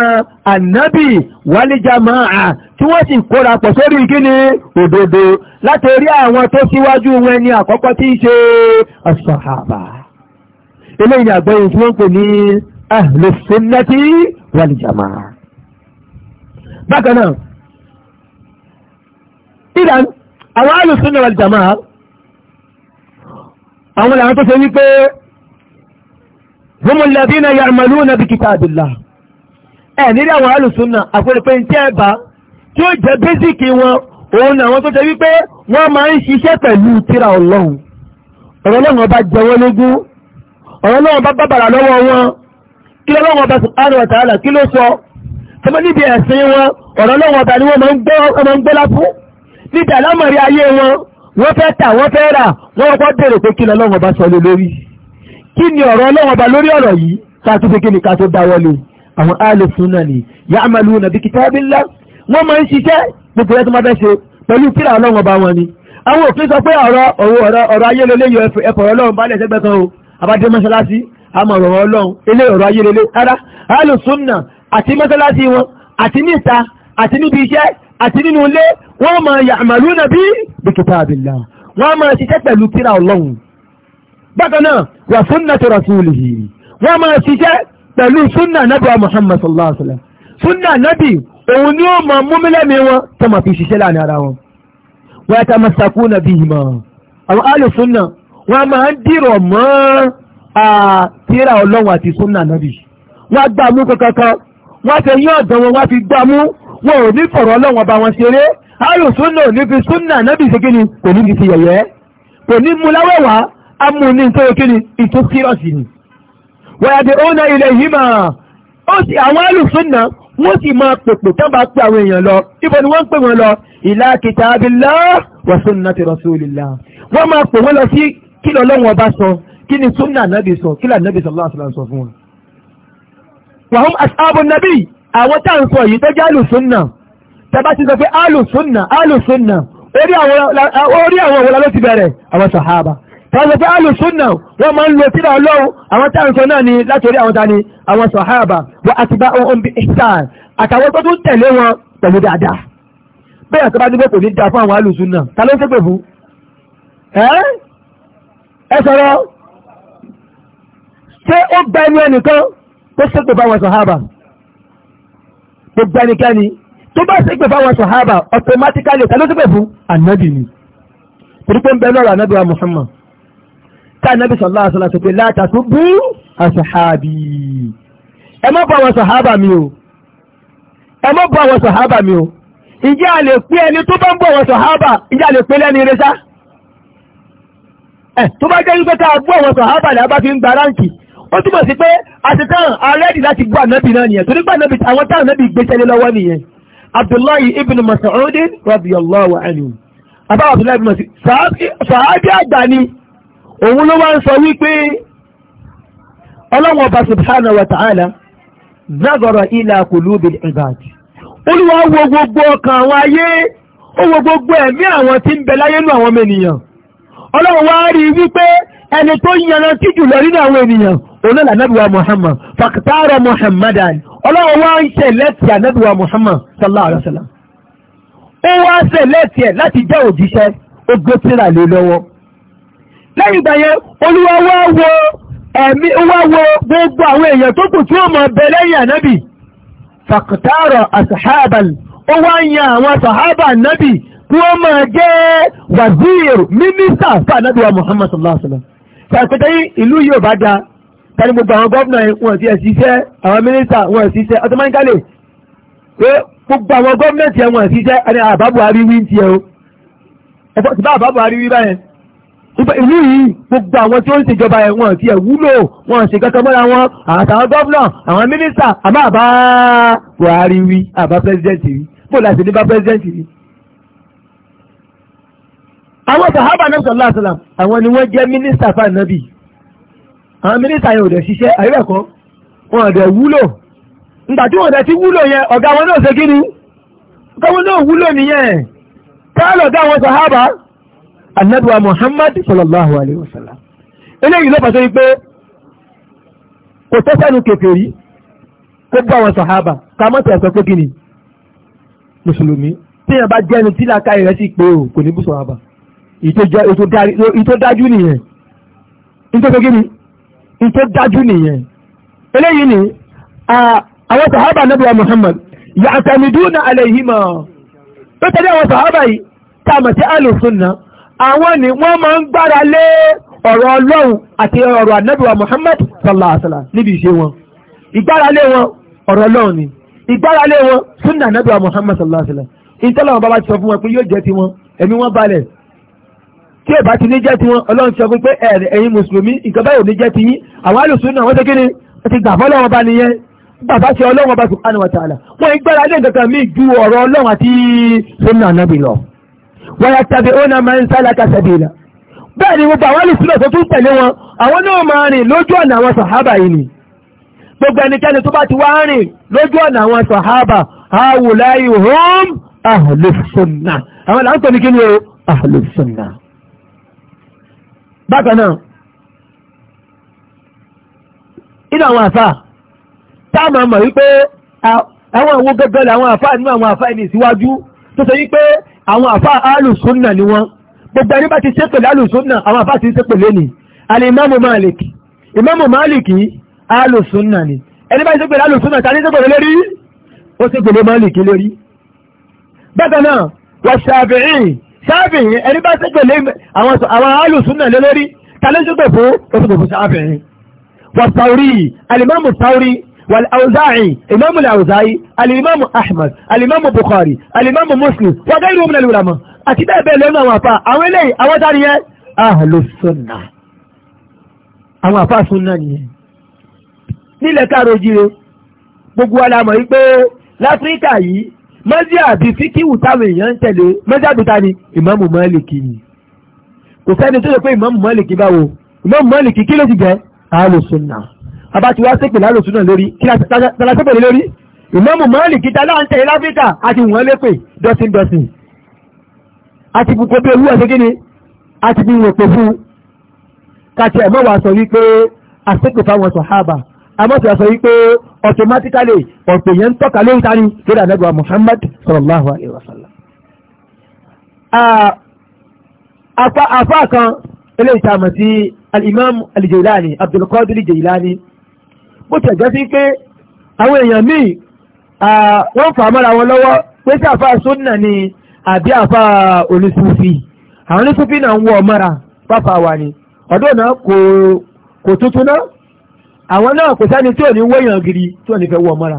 ànábì wálíjàmáà tí wọ́n sì kóra pọ̀ sórí kíni òdodo láti rí àwọn tó síwájú wọn ní àkọ́kọ́ tí í ṣe as-sahaba eléyìí àgbẹ̀yìn tí wọ́n ń pè ní ahlus sunnati wálíjàmáà bákan náà ìdán àwọn ahlus sunnati wálíjàmáà àwọn làwọn tó ṣe wípé humul ladina ya'maluna بكتاب الله. ẹ̀ nílé àwọn alùsùnà àpẹẹrẹpẹ́ tí ẹ bá tí ó jẹ́ bẹ́sìkì wọn òun àwọn tó jẹ́ wípé wọ́n máa ń ṣiṣẹ́ pẹ̀lú tíra ọlọ́run ọ̀rọ̀ ọlọ́run ọba jẹ wọ́n lógún ọ̀rọ̀ ọlọ́run ọba bàbàrà lọ́wọ́ wọn kí ọlọ́run ọba subhanahu wa ta'ala kí ló sọ tọmọ níbi ẹ̀sìn wọn ọ̀rọ̀ ọlọ́run ọba ni wọ́n kí ni ọ̀rọ̀ ọlọ́run ọba lórí ọ̀rọ̀ yìí ká tó fi kíni ká tó dáwọ́lé àwọn àlè súnà ni ya'maluna bi kitabillah wọ́n máa ń ṣiṣẹ́ gbogbo ẹ̀ tó máa fẹ́ ṣe pẹ̀lú kíra ọlọ́run ọba wọn ni àwọn òfin sọ pé ọ̀rọ̀ ọ̀rọ̀ ayéluléyọ ẹ̀fọ̀ ọlọ́run bá lẹ̀ sẹ́gbẹ́ kan o àbájẹ́ mọ́ṣáláṣí àmọ̀ràn ọlọ́run ilé ọ̀rọ̀ ayélulé ara àlè súnà àti mọ́ṣáláṣí wọn àti níta àti níbi iṣẹ́ àti nínú ilé wọ́n máa ya'maluna bi kitabillah wọ́n máa ṣiṣẹ́ pẹ̀lú kíra ọlọ́run bákan náà wà sunnati rasulihi wọ́n máa ṣiṣẹ́ pẹ̀lú súnà nábì Muhammad sallallahu alaihi wasallam súnà nábì òun ni ó máa mú mílẹ̀mí wọn tó máa fi ṣiṣẹ́ láàrin ara wọn wa yatamassakuna bihima àwọn ahlu súnà wọ́n máa ń dìrọ̀ mọ́ tírà ọlọ́run àti súnà nábì wọ́n gbà mú kankan wọ́n ti yín ọ̀dọ̀ wọn wọ́n fi gbà wọn ò ní fọ̀rọ̀ ọlọ́run ọba wọn ṣeré ahlu súnà ò ní fi súnà nábì ṣe kí ni kò ní fi yẹ̀yẹ́ kò ní mú láwẹ̀wàá amúni nítorí kí ni ìtò sírọ̀sì ni wọ́yàdé ọ̀nà ilẹ̀ yìí máa ó sì àwọn alùsùnà wọ́n sì máa pèpè tán bá pè àwọn èèyàn lọ ibo ni wọ́n ń pè wọ́n lọ ìlà kitabillah wa sunnati rasulillah wọ́n máa pè wọ́n lọ sí kí lọ lọ́wọ́ bá sọ kí ni súnà nábì sọ kí là nábì sallallahu alaihi wasallam sọ fún wọn. wàhùn ashabu nabi àwọn tá à ń sọ yìí tó jẹ́ alùsùnà tàbá ti sọ pé alùsùnà alùsùnà orí àwọn wọlá ló ti bẹ̀rẹ̀ àwọn sàhábà tọ́jọ́ pé alùsùnà wọ́n máa ń lo tírà ọlọ́run àwọn táàǹsọ náà ni látòrí àwọn tani àwọn sọ̀háàbà wọ àtibá ohun bí ìsàn àtàwọn tó tún tẹ̀lé wọn pẹ̀lú dáadáa bẹ́ẹ̀ àtọ́bá nígbẹ́ kò ní dáa fún àwọn alùsùnà ta ló ń ṣépè fún ẹ sọ̀rọ̀ ṣé ó gba ẹni ẹnìkan tó ṣépè fún àwọn sọ̀háàbà gbogbo ẹnikẹ́ni tó bá ṣépè fún àwọn sọ̀háàbà automatically ta ló ṣépè fún ànábì ni torí pé ń bẹ lọ́rọ̀ ànábì wa Muhammad táànàbí sọ̀lá àṣọlá sọ pé látàtú bú àṣàhábì ẹ má bá wọn sàhábà mi o ẹ má bá wọn sàhábà mi o ìjẹ́ àlè pé ẹni tó bá ń bọ̀ wọn sàhábà ìjẹ́ àlè pé lẹ́ni irẹ́sá ẹ̀ tó bá jẹ́ wípé tá a bú àwọn sàhábà là bá fi ń gba ráǹkì ó túmọ̀ sí pé àṣetán alẹ́dì láti bú ànábì náà nìyẹn torí pé ànábì àwọn táwọn ànábì gbéṣẹ́ lé lọ́wọ́ nìyẹn Abdullahi ibn Mas'ud radiyallahu anhu abáwọ̀ Abdullahi ibn Mas'ud sàhábì àgbà òun ló wá ń sọ wípé ọlọ́wọ́n ọba wa ta'ala ila kulubi ibad olúwa wo gbogbo ọkàn àwọn ayé ó wo gbogbo ẹ̀mí àwọn tí ń bẹ láyé nú àwọn ènìyàn ọlọ́wọ́n wá rí wípé ẹni tó tí jùlọ nínú muhammad muhammadan ọlọ́wọ́n wá ń ànábíwá muhammad sallallahu alaihi ó wá ẹ̀ láti jẹ́ òjíṣẹ́ ó gbé lẹ́yìn ìgbà yẹn olúwa wá wo ẹ̀mí wá wo gbogbo àwọn èèyàn tó kù tí ó mọ̀ bẹ lẹ́yìn ànábì fàkùtàrọ̀ àṣàhábàl ó wá ń yan àwọn àṣàhábà ànábì tí ó máa jẹ́ wàzíìr mínísítà fún wa Muhammad sallallahu alaihi wasallam fàkùtà yìí ìlú yóò bá da tani gbogbo àwọn gọ́vnà wọn ti ẹ̀síṣẹ́ àwọn mínísítà wọn ẹ̀síṣẹ́ automatically pé gbogbo àwọn gọ́vnà ti ẹ̀wọ̀n ẹ̀síṣẹ́ àbá Buhari wí ti ẹ̀ o ẹ̀fọ́ ti bá àbá Buhari báyẹn ìlú yìí gbogbo àwọn tí ó ń ṣèjọba ẹ̀ wọ́n ti ẹ̀ wúlò wọ́n ṣe kankan mọ́ra wọn àtàwọn gọ́vnà àwọn mínísítà àmọ́ àbá Buhari wí àbá pẹ́sidẹ́ǹtì wí bó láti ní bá pẹ́sidẹ́ǹtì wí. àwọn sàhábà náà sọ̀rọ̀ àṣàlà àwọn ni wọ́n jẹ́ mínísítà fànàbì àwọn mínísítà yẹn ò dẹ̀ ṣiṣẹ́ àyẹ̀kọ́ wọn ò dẹ̀ wúlò nígbà tí wọn ò dẹ̀ ti wúlò yẹn ọ̀gá wọn náà ṣe kí ni anabiwa muhammad sallallahu alayhi wa sallam eléyìí ló pàṣẹ wípé kò tẹ́sánú kèfèrí kó bá àwọn sàhábà ká mọ́tò ẹ̀sọ́ pé kíni mùsùlùmí téèyàn bá jẹ́nu tí làákàyè rẹ̀ sì pé o kò ní bú sàhábà ìtò dájú nìyẹn ìtò kíni ìtò dájú nìyẹn eléyìí ni àwọn sàhábà anabiwa muhammad yàtàmídùnà àlẹ́yìí mọ́ ó tẹ̀lé àwọn sàhábà yìí tá àlùsùn náà àwọn ni wọ́n máa ń gbára lé ọ̀rọ̀ ọlọ́run àti ọ̀rọ̀ ànábìwà Muhammad sallallahu alaihi wasallam níbi ìṣe wọn ìgbáralé wọn ọ̀rọ̀ ọlọ́run ni ìgbáralé wọn sunna ànábìwà Muhammad sallallahu alaihi wasallam ìtọ́lọ́wọ́n bá bá ti sọ fún wọn pé yóò jẹ́ tiwọn ẹ̀mí wọn balẹ̀ tí ẹ̀ bá ti ní jẹ́ tiwọn ọlọ́run sọ pé ẹ̀yin mùsùlùmí nǹkan báyìí ò ní jẹ́ tiyín àwọn alùsùn náà wọ́n ti gbà wa ta'ala wọ́n ìgbáralé nǹkan kan míì sunna ànábì lọ wọ́n tàbí ọ̀nà máa ń sálàkà sàbìlà bẹ́ẹ̀ ni gbogbo àwọn alùsùlọ̀ tó tún pẹ̀lú wọn àwọn náà máa rìn lójú ọ̀nà àwọn sàhábà yìí ni gbogbo ẹnikẹ́ni tó bá ti wá rìn lójú ọ̀nà àwọn sàhábà àwùláyì hóm àhàlùsùnà àwọn làǹtọ̀ ní kíni o àhàlùsùnà bákan náà inú àwọn àfà táàmù àmọ̀ wípé àwọn àwọn gẹ́gẹ́ làwọn àfà nínú àwọn àfà ẹni ìsíwájú tó sọ wípé àwọn àfá alùsùnà ni wọ́n gbogbo ẹni bá ti ṣe pẹ̀lú alùsùnà àwọn àfá ti ṣe pẹ̀lú ni alìmọ́mù malik ìmọ́mù malik alùsùnà ni ẹni bá ti ṣe pẹ̀lú alùsùnà tàbí ṣe pẹ̀lú lórí ó ṣe pẹ̀lú malik lórí bákan náà wà ṣàbìrì ṣàbìrì ẹni bá ṣe pẹ̀lú àwọn alùsùnà lórí tàbí ṣe pẹ̀lú ó ṣe pẹ̀lú والأوزاعي إمام الأوزاعي الإمام أحمد الإمام بخاري الإمام مسلم وغيره من العلماء أتبع بيننا وفاء أولي أوداني أهل السنة àwọn àfáà súnná nìyẹn nílẹ̀ károjire gbogbo alamọ̀ yìí pé láfíríkà yìí mọ́sí àbí fíkíwù táwọn èèyàn ń tẹ̀lé mọ́sí àbí ta ni ìmáàmù mọ́lìkì ni kò sẹ́ni tó lè pé ìmáàmù mọ́lìkì báwo ìmáàmù mọ́lìkì kí ló ti jẹ́ àlùsùnà bàbá ti wá sépè lálòsùn náà lórí kí tala sépè lé lórí ìmọ̀mù mọ́ọ̀lì kí tala ń tẹ̀lé láfíríkà àti wọ́n lépè dọ́sìn dọ́sìn àti bukọ bí ewúrẹ́ ṣe kíni àti bí wọ́n pè fún kàtí ẹ̀mọ́ wa sọ wípé àsépè fáwọn sọ̀hábà amọ́sọ̀ sọ wípé automatically ọ̀pẹ̀ yẹn ń tọ́ka lórí tani lórí àdàgbà Muhammad sallallahu alayhi wa sallam àfáà kan eléyìí tá a mọ̀ sí al-imam al-Jailani Abdul Qadir al-Jailani bó ti ẹ̀jẹ́ sí pé àwọn èèyàn míì wọ́n fà á mọ́ra wọn lọ́wọ́ pé sí àfa sunna ni àbí àfa onísùfì àwọn onísùfì náà ń wọ ọmọra fáfà wà ní ọdún náà kò tuntun náà àwọn náà kò sẹ́ni tí ò ní wọ́yàn gidi tí ò ní fẹ́ wọ ọmọra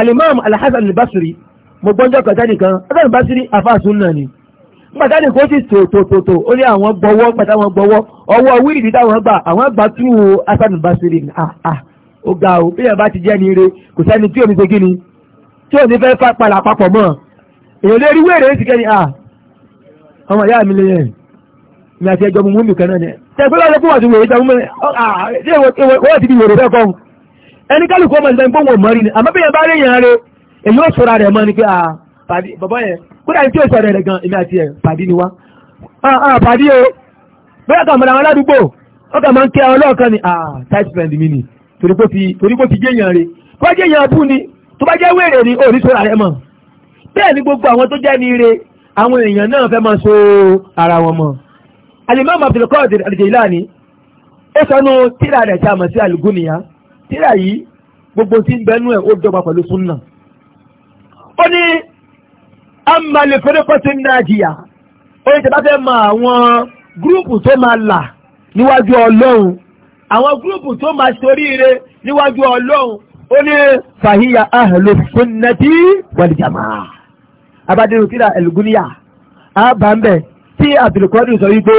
alimam alhassan albasiri mo gbọ́njọ́ kan sẹ́ni kan hassan albasiri àfa sunna ni gbàtà ní kó sì tòótòótò ó ní àwọn gbọ́wọ́ gbàtà wọn gbọ́wọ́ ọwọ́ wíìdì táwọn gbà àwọn gbà tú Hasan Basiri àà ó ga o bí ẹ̀bá ti jẹ́ ni ire kò sẹ́ni tí òní ṣe kí ni tí òní fẹ́ fà padà papọ̀ mọ́ èèyàn lè rí wèrè èsì kẹ́ni à ọmọ ìyá mi lè yẹn mi àti ẹjọ́ mu múlù kẹ́nà ni ṣe pé lọ́dọ̀ fún wàtí wèrè jẹ́ múlẹ̀ ṣé wọ́n ti di wèrè fẹ́ kọ́ ẹni kálukú ọmọ ìgbà ìgbóhùn mọ́rí ni àmọ́ bí yẹn bá rí yẹn rẹ èyí ó sọra rẹ̀ mọ́ ni pé bàbá yẹn kódà ní tí ó sọ̀rọ̀ rẹ̀ gan èmi àti ẹ̀ pàdé ni wá pàdé o bẹ́ẹ̀ kà mọ̀ràn aládùúgbò ó kà ń kí ọlọ́ọ̀kan ni ah tight friend mi ni torí kó ti jẹ́yàn rẹ̀ tó bá jẹ́yàn abú ni tó bá jẹ́ wèrè ni ò ní sọ́ra rẹ̀ mọ̀ bẹ́ẹ̀ ni gbogbo àwọn tó jẹ́ ní ire àwọn èèyàn náà fẹ́ máa so ara wọn mọ̀ alimami abdulkadir al-Jilani ó sọnù tíra rẹ̀ tí a mọ̀ sí al-Ghuniya tíra yìí gbogbo tí ń bẹnu ẹ̀ ó dọ́gba pẹ̀lú súnà ó ní amàlẹ̀ fẹ́rẹ́kọ́sí nàìjíríà ó ní tẹ́lá fẹ́ mọ àwọn gúrúùpù tó máa là níwájú ọlọ́run àwọn gúrùpù tó máa ṣoríire níwájú ọlọ́run ó ní fàhíyà ahlu sunnati wal jamaa abadẹ́rù tíra ẹ̀lùgúníyà àbámbẹ̀ tí àbìlùkọ́dù sọ wípé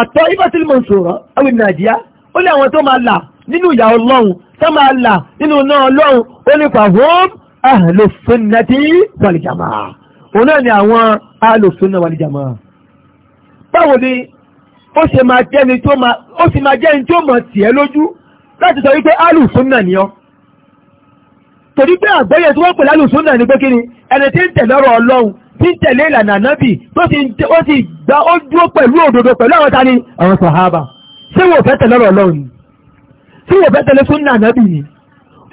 àtọ́ ifatil mansura awin najiya ó ní àwọn tó máa là nínú ìyà ọlọ́run tó máa là nínú iná ọlọ́run ó ní fàhóm ahlu sunnati wal jamaa òun náà ni àwọn ahlu sunnati wal jamaa báwo ni ó ṣe máa jẹ́ni tó máa ó sì máa jẹ́ni tó mọ̀ tìẹ́ lójú láti sọ wípé alùsúnnà ni ọ́ torí pé àgbẹ́yẹ tí wọ́n pè lálùsúnnà ni pé kí ni ẹni tí ń tẹ̀lé ọ̀rọ̀ ọlọ́run tí ń tẹ̀lé ìlànà nábì tó sì gba ó dúró pẹ̀lú òdodo pẹ̀lú àwọn tani àwọn sàhábà ṣé wò fẹ́ tẹ̀lé ọ̀rọ̀ ọlọ́run ni ṣé wò fẹ́ tẹ̀lé súnnà nábì ni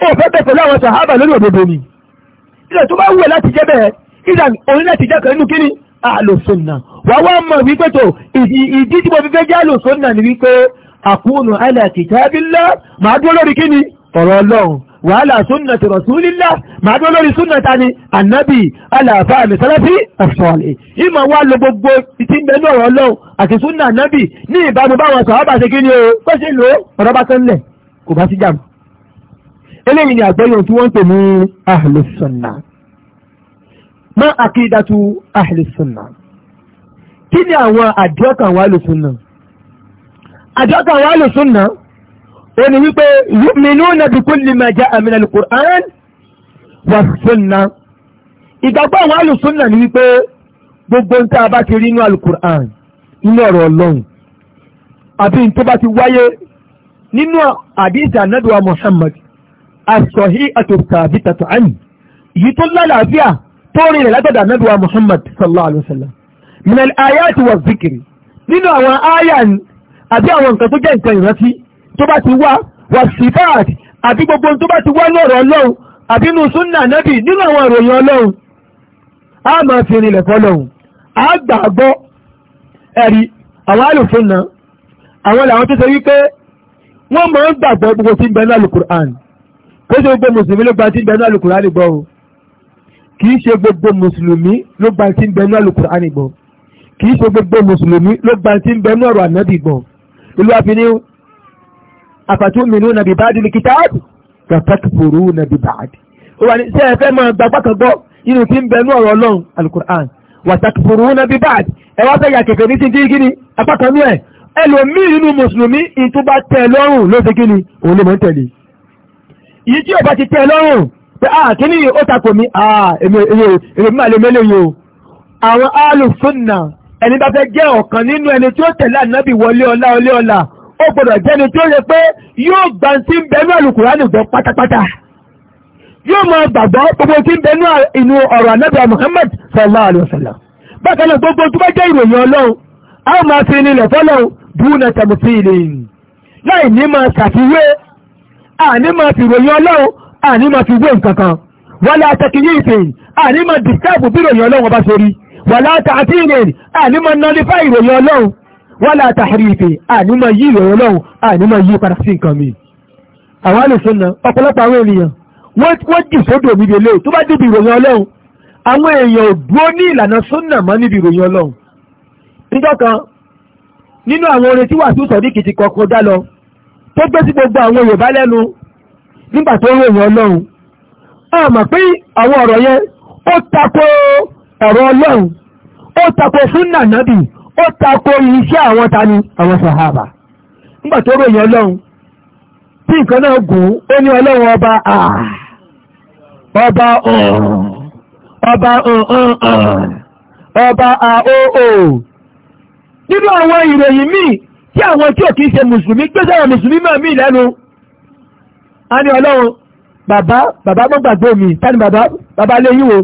ó fẹ́ bẹ̀ pẹ̀lú àwọn sàhábà lórí òdodo ni ilẹ̀ tó bá wù láti jẹ́ bẹ́ẹ̀ ìlànà òun láti jẹ́ kan nínú kí ni àlùsúnnà wà wá mọ̀ wípé tó ìdí tí mo fi fẹ́ jálò sọ́nà ni wípé àkúnnù ala kitabillah máa dúró lórí kíni ọ̀rọ̀ ọlọ́run wàhálà súnnà ti rasulillah máa dúró lórí súnnà ta ni annabi aláàfà àmìsálẹ́fì ẹ̀fọ́ọ̀lẹ̀ ìmọ̀ wá lo gbogbo ìtí ń bẹnu ọ̀rọ̀ ọlọ́run àti súnnà annabi ní ìbámu báwọn sọ̀hábà ṣe kíni o kó ṣe lò ọ̀rọ̀ bá sẹ́ńlẹ̀ kò bá sí jàmù ma akidatu ahlus sunnah kí ni àwọn àdíọ́kàn wa lùsùnà àdíọ́kàn wa lùsùnà ó ní wípé yu'minuna bi kulli ma ja'a min al-Qur'an wa sunna ìgbàgbọ́ àwọn alùsùnà ni wípé gbogbo ń tá a bá ti rí inú al-Qur'an inú ọ̀rọ̀ ọlọ́run àbí tó bá ti wáyé nínú àdíìsì ànádùá Muhammad as-sahihatu thabitatu anhu èyí tó lálàáfíà tó rí rẹ̀ látọ̀dọ̀ ànádùá Muhammad sallallahu alayhi wa sallam minal ayati wa zikiri nínú àwọn aya ni àbí àwọn nǹkan tó jẹ́ nǹkan ìrántí tó bá ti wá wà sífáàt àbí gbogbo tó bá ti wá lọ́rọ̀ ọlọ́run àbí inú súnà nábì nínú àwọn ìròyìn ọlọ́run a máa fi rinlẹ̀ fọlọ́run a gbàgbọ́ ẹ̀rí àwọn alùsùnà àwọn làwọn tó ṣe wípé wọ́n máa ń gbàgbọ́ gbogbo tí ń bẹ ní alukur'an kó ṣe gbogbo mùsùlùmí ló gba tí ń bẹ ní alukur'an gbọ́ o kì í ṣe gbogbo mùsùlùmí ló gba tí ń bẹ alukur'an gbọ́ kìí ṣe gbogbo mùsùlùmí ló gba ti ń bẹ ní ọ̀rọ̀ ànábì gbọ̀n ìlú àfiní àfàtún mi ní nàbí báàdì ní kìtàbù gàtàkùfòrò nàbí báàdì. ó wà ní ṣé ẹ fẹ́ máa gba pákan gbọ́ inú ti ń bẹ ní ọ̀rọ̀ ọlọ́run alukur'an wàtàkùfòrò nàbí báàdì ẹ wá fẹ́ yà kẹ̀kẹ́ ní títí kí ni apákan ní ẹ̀ ẹlòmíì nínú mùsùlùmí ìtú bá tẹ́ lọ́rùn ló fi kí ni òun ló mọ̀ ń tẹ̀lé ni ó takò mí à èmi èmi èmi àlè àwọn alùsùn náà ẹni bá fẹ́ jẹ́ ọ̀kan nínú ẹni tí ó tẹ̀lé ànábì wọlé ọlá ọlé ọlá ó gbọ́dọ̀ jẹ́ni tí ó yẹ pé yóò gbà tí ń bẹnú àlùkùránì gbọ́ pátápátá yóò máa gbàgbọ́ gbogbo tí ń bẹnú inú ọ̀rọ̀ ànábì Muhammad sallallahu alayhi wa sallam bákan náà gbogbo tó bá jẹ́ ìròyìn ọlọ́run a ó máa fi nílẹ̀ fọ́lọ́run dúnà tẹ̀mùtì ilé láì ní máa ṣàfiwé àní máa fi ìròyìn ọlọ́run àní máa fi wé nǹkan kan wọlé atẹ́kìyí wọ̀lá tààtìrìn ànímọ̀ nọlífà ìròyìn ọlọ́run wọ́lá tàhírìfì ànímọ̀ yí ìròyìn ọlọ́run ànímọ̀ yí padà sí nǹkan mi àwọn alùsùnà ọ̀pọ̀lọpọ̀ àwọn ènìyàn wọ́n jì sódò mi délé tó bá débi ìròyìn ọlọ́run àwọn èèyàn ò dúró ní ìlànà súnà mọ́ níbi ìròyìn ọlọ́run níjọ́ kan nínú àwọn ọ̀rọ̀ ọlọ́run ó tako súnà nábì ó tako iṣẹ́ àwọn tani àwọn sàhábà nígbà tó ròyìn ọlọ́run tí nǹkan náà gùn ó ní ọlọ́run ọba ọba ọba ọba àóò nínú àwọn ìròyìn míì tí àwọn tí ò kìí ṣe mùsùlùmí gbẹ́sẹ̀ àwọn mùsùlùmí máa mí lẹ́nu a ní ọlọ́run bàbá bàbá mọ́gbàgbé mi tani bàbá bàbá léyìn o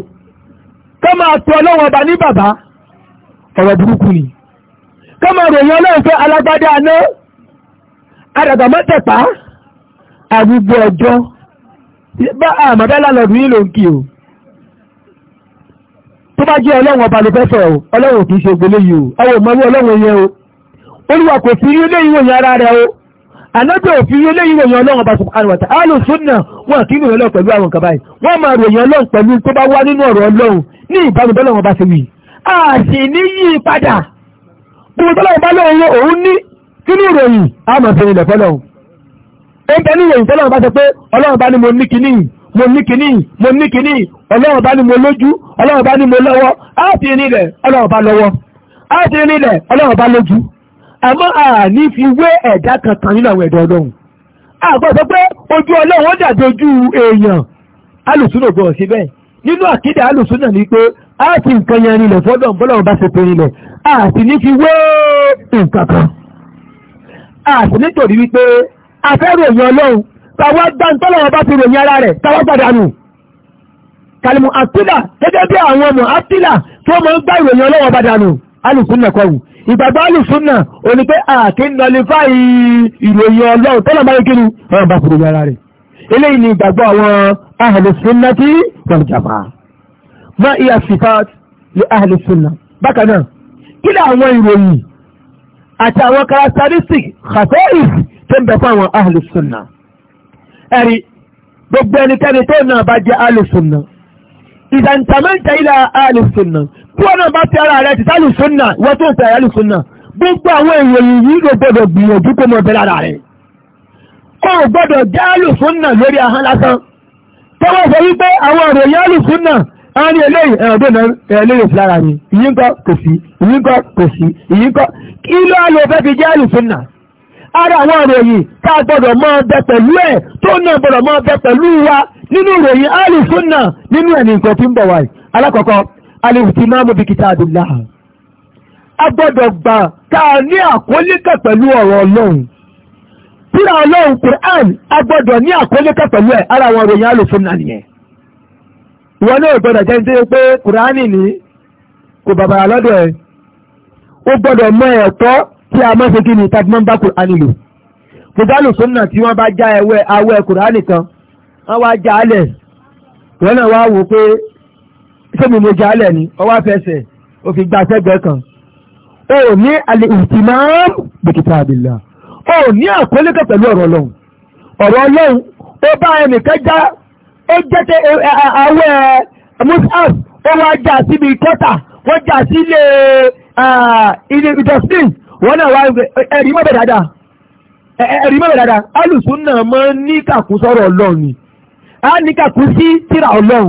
Kama máa tó ọlọ́wọ́ ọba ní bàbá ọ̀rọ̀ burúkú ni ká máa ròyìn ọlọ́run pé alágbádá aná àdàgbàmọ́tẹ̀pá àgbègbè ọjọ́ bá àmọ́dálà lọ́dún yìí ló ń kí o tó bá jẹ́ ọlọ́run ọba ló fẹ́fẹ́ o ọlọ́run kì ṣe ògbélé yìí o ọwọ́ ìmọ̀wé ọlọ́run yẹn o olúwa kò sí rí ilé ìwòyìn ara rẹ o anábì òfin eléyìí ròyìn ọlọ́run ọba subhanahu wa ta'ala sunna wọn kì í ròyìn ọlọ́run pẹ̀lú àwọn kàbáyì wọ́n máa ròyìn ọlọ́run pẹ̀lú tó bá wá nínú ọ̀rọ̀ ọlọ́run ní ìbámu bọ́lọ́run ọba ṣe wí. a sì ní yí padà gbogbo tọ́lọ́run bá lóun ló òun ní kí a mọ̀ sí ilẹ̀ fọ́lọ́run. ó ń bẹ ní ìròyìn tọ́lọ́run bá sọ pé ọlọ́run bá ní mo ní kinní mo ní kinní mo ní kinní ọlọ́run bá ní mo lójú ọlọ́run bá ní mo lọ́wọ́ á ti ní ilẹ̀ ọlọ́run bá lọ́wọ́ á ti ní ilẹ̀ ọlọ́run bá lójú àmọ́ àní fi wé ẹ̀dá kankan nínú àwọn ẹ̀dá ọlọ́run àgbọ̀sọ pé ojú ọlọ́run ó dàbí ojú èèyàn alùsùnà gbọ́ sí bẹ́ẹ̀ nínú àkídà alùsùnà ni pé a ti nǹkan yẹn rinlẹ̀ fọ́dọ̀ bọ́lọ́run bá ṣe pé rinlẹ̀ a sì ní fi wé nǹkan kan a sì nítorí wípé a fẹ́ ròyìn ọlọ́run tàwa gbá ń tọ́lọ́wọ́ bá ti ròyìn ara rẹ̀ tàwa gbàdánù kàlùmù àtìlà gẹ́gẹ́ bí àwọn ọmọ àtìlà tó mọ̀ ń gbá ìròyìn ọlọ́wọ́ bá dànù alùsùnà kọrù ìgbàgbọ́ alùsùnà òní pé àkí ń lọ lè fáyì ìròyìn ọlọ́run tọ́lọ̀ bá yékiri ọ̀rọ̀ bá kúrò yára rẹ̀ eléyìí ni ìgbàgbọ́ àwọn ahàlùsùnà tí wal jamaa má ìyá sifat lè ahàlùsùnà bákan náà kí ni àwọn ìròyìn àti àwọn characteristic khasoif tó ń bẹ fún àwọn ahàlùsùnà ẹ̀rí gbogbo ẹnikẹ́ni tó náà bá jẹ́ ahàlùsùnà ìdàntàmẹ́ntà ilẹ̀ ahàlùsùnà tí wọ́n náà bá ti ara rẹ̀ ti sálù súnà wọ́n tó ń tẹ̀ ẹ̀yálù súnà gbogbo àwọn ìròyìn yìí ló gbọdọ̀ gbìyànjú kó mọ̀ bẹ́ẹ̀ lára rẹ̀ kó o gbọdọ̀ jẹ́ àlùsúnà lórí ahọ́n lásán tó wọ́n sọ wípé àwọn ìròyìn àlùsúnà àwọn eléyìí ẹ̀rọ̀dọ̀ náà eléyìí fúlára ni ìyí ńkọ́ kò sí ìyí ńkọ́ kò sí ìyí ńkọ́ kí ló lè fẹ́ fi jẹ́ àlùsúnà ara àwọn ìròyìn tá a gbọdọ̀ máa bẹ pẹ̀lú ẹ̀ tó náà gbọdọ̀ máa bẹ pẹ̀lú wa nínú ìròyìn àlùsúnà nínú ẹ̀ ní tí ń bọ̀ wáyé alákọ̀ọ́kọ́ alìhùtìmáàmù bí kitabillah a gbọ́dọ̀ gbà ká ní àkólíkẹ̀ pẹ̀lú ọ̀rọ̀ ọlọ́run tíra ọlọ́run Qur'an a gbọ́dọ̀ ní àkólíkẹ̀ pẹ̀lú ẹ̀ ara àwọn ròyìn alùfún náà nìyẹn ìwọ náà gbọ́dọ̀ jẹ́ nítorí pé Qur'an ní kò bàbàrà lọ́dọ̀ ẹ̀ ó gbọ́dọ̀ mọ ẹ̀kọ́ tí a máa ń ṣe kí ni tàbí máa ń bá Qur'an lò gbogbo alùfún náà tí wọ́n bá já ẹwẹ́ awẹ́ Qur'an kan wọ́n wá já alẹ̀ ìwọ náà wá wò pé sẹ́mi mo jalẹ̀ ni ọwọ́ afẹsẹ̀ ó fi gba sẹ́gbẹ̀ẹ́ kan o ò ní alẹ́ ìtìmọ́m bìkítà àbìlà o ò ní àkọlé kan pẹ̀lú ọ̀rọ̀ ọlọ́run ọ̀rọ̀ ọlọ́run ó bá ẹnìkan já ó jẹ́ tẹ àwẹ̀ musaf ó wá já síbi kọ́tà wọ́n já sí ilé ilé ìdọ̀sìn wọ́n náà wá ẹ̀rí mọ́bẹ̀ dáadáa ẹ̀rí mọ́bẹ̀ dáadáa alùsùn náà mọ́ ní kàkú ọlọ́run ni a ní kàkú sí ọlọ́run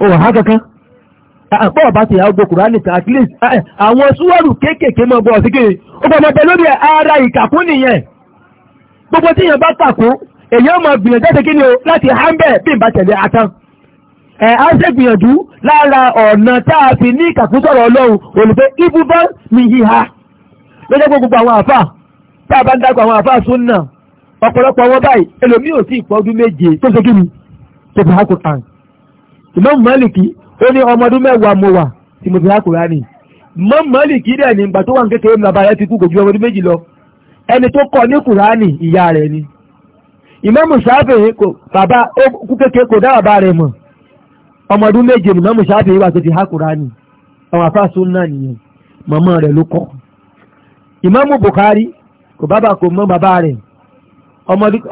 o ha kankan àpá ọ̀bá ti àwọn kùránì at àwọn súwọ́rù kéékèèké mọ́ bọ́ sí kiri ara ìkàkún nìyẹn gbogbo tí èèyàn bá kàkún èèyàn mọ̀ o láti hambẹ̀ bí n bá tẹ̀lé atán ẹ̀ á ṣe gbìyànjú lára ọ̀nà a ní ìkàkún sọ̀rọ̀ ọlọ́run gbogbo àwọn àfà a Imam Maliki ó ní ọmọdún mẹ́wàá mo wà tí mo fi há Kùránì Imam Maliki dẹ̀ ní ìgbà tó wà ń kékeré mi bàbá rẹ̀ ti kú kò ju ọmọdún méjì lọ ẹni tó kọ́ ní Kùránì ìyá rẹ̀ ni Imam Shafi'i kò bàbá ó kú kékeré kò dá rẹ̀ mọ̀ ọmọdún méje ni Imam Shafi'i wà tó ti há Kùránì àwọn afáàsùn náà nìyẹn màmá rẹ̀ ló kọ́ Imam Bukhari kò bàbá kò mọ bàbá rẹ̀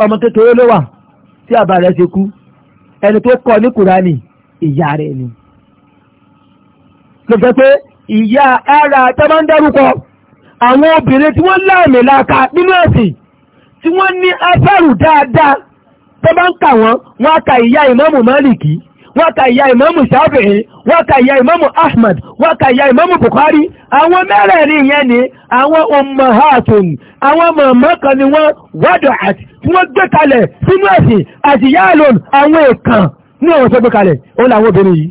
ọmọ kékeré ló wà tí bàbá rẹ̀ ti kú ẹni tó kọ́ ní Kùránì ìyá rẹ̀ ni lọ́jọ́ pé ìyá ara tẹ́bá ń dárúkọ àwọn obìnrin tí wọ́n láàmì láka nínú ẹ̀sìn tí wọ́n ní afẹ́rù dáadáa tẹ́bá ń kà wọ́n wọ́n ka ìyá ìmámù Málìkì wọ́n ka ìyá ìmámù Ṣáfi'í wọ́n ka ìyá ìmámù Ahmad wọ́n ka ìyá ìmámù Bukhari àwọn mẹ́rẹ̀ẹ̀rin yẹn ni àwọn ummahatun àwọn màmá kan ni wọ́n wádọ̀ àti wọ́n gbé kalẹ̀ sínú ẹ̀sìn àti yálòn àwọn èèkàn ní àwọn tó gbé kalẹ̀ ó làwọn obìnrin yìí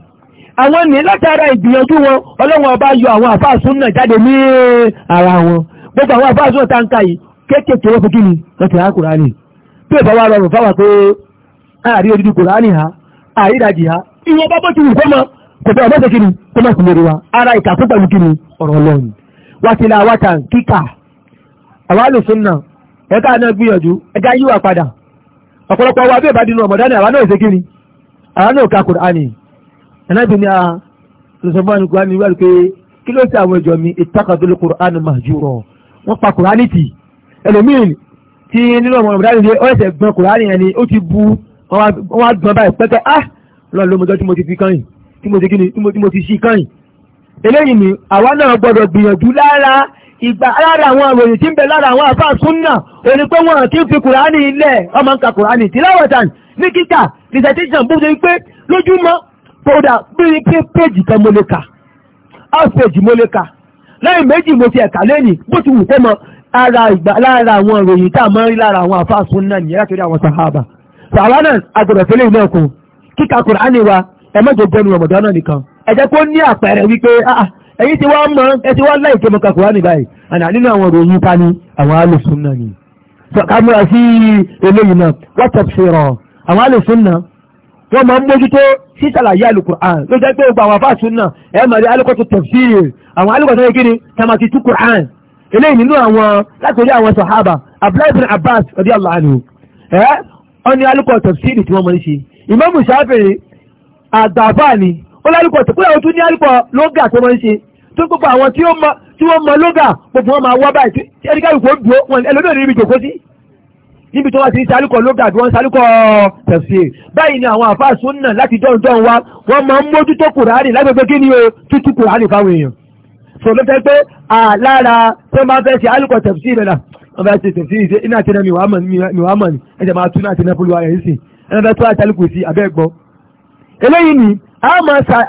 àwọn ní látara ìgbìyànjú wọn ọlọ́wọ́n ọba yọ àwọn àfáà súnà jáde ní ara wọn gbogbo àwọn àfáà súnà táǹkà yìí kéékèèké wọ́n fi kí ni wọ́n ti há kùránì bí ìfà wa rọrùn fáwà pé àárí odidi kùránì ha àárí ìdajì ha ìwọ̀n bá bọ́ ti wù fọ́mọ kò bẹ́ẹ̀ ọmọdé kí ara wá kíkà àwọn àwọn náà ka kùránì ẹ̀nàbí ni a lọ́sọ̀mọ́ni kùránì wà pé kí ló ṣe àwọn ìjọ mi ìtàkàdúlẹ̀ kùránì mahjura wọ́n pa kùránì tì ẹlòmíì tí nínú ọmọ ọmọdé àdìyẹ ó ẹsẹ̀ gbọ́n kùránì yẹn ni ó ti bu wọ́n wá gbọ́n báyìí pẹ́pẹ́ á lọ́ọ̀ lọ́mọdé tí mo ti fi kàn yìí tí mo ti kí ni tí mo ti ṣí kàn yìí eléyìí ni àwa náà gbọ́dọ̀ gbìyànjú lára ìgbà lára àwọn àròyìn tí ń bẹ lára àwọn àfáà súnnà òní pé wọ́n kí ń fi kùránì ilẹ̀ ọmọ nǹka kùránì tí láwọ̀tàn ní kíkà dissertation bó ṣe ń pé lójúmọ́ kódà bí i pé péjì kan mo lè kà half page mo lè kà lẹ́yìn méjì mo ti ẹ̀ka lẹ́nìí bó ti wù kó mọ ara ìgbà lára àwọn àròyìn tá a máa ń rí lára àwọn àfáà súnnà nìyẹn látòrí àwọn sàhábà sàhábà náà agbọ̀dọ̀ fẹ́lẹ́ ìlú ẹ̀kọ́ kíkà kùránì wa ẹ̀mẹ́jọ gbẹnu ọmọdé náà nìkan ẹ̀jẹ̀ kó ní àpẹẹrẹ wípé ah, ah ẹ̀yin ti wá mọ ẹ ti wá láì kí ọmọkà kò wá ní báyìí àná nínú àwọn ròyìn ta ni àwọn alùsùn náà ni kàmúra sí eléyìí náà wọ́tọ̀ fi rọ̀ àwọn alùsùn náà wọ́n máa ń mójútó sísàlàyé alukur'an ló jẹ́ pé gbogbo àwọn afáàsùn náà ẹ̀ máa rí alukọ̀tù tafsir àwọn alukọ̀tù yẹn kíni tamati tu kur'an eléyìí nínú àwọn láti orí àwọn sahaba abdullahi bin abbas radiyallahu anhu ẹ̀ ọ́ ní alukọ̀tù tafsir tí wọ́n máa ń ó lálùpọ̀ tó kúrò tó ní àlùpọ̀ lóga tó máa ń ṣe tó gbogbo àwọn tí ó mọ lóga gbogbo wọn máa wá báyìí tí ẹni káyọ̀ kó dúró wọn ẹlòmíràn níbi jòkó sí níbi tó wá ti sálùkọ̀ lóga àti wọ́n sálùkọ̀ tẹ̀sí báyìí ni àwọn àfáà súnà láti dọ́ndọ́n wa wọ́n máa ń mójútó kùránì lágbègbè kí ni o tútù kùránì fáwọn èèyàn sọ̀rọ̀ fẹ́ pé àlára tó máa fẹ́ ṣe àlùkọ̀ tẹ̀sí rẹ̀ là wọ́n fẹ́ ṣe tẹ̀sí ìṣe iná àti ẹ̀nà mi wàá mọ̀ ni ẹ̀jẹ̀ máa tún náà àti ẹ̀nà fúlùwà rẹ̀ yìí sì ẹ̀nà fẹ́ tó àtàlùkù sí abẹ́ gbọ́ eléyìí ni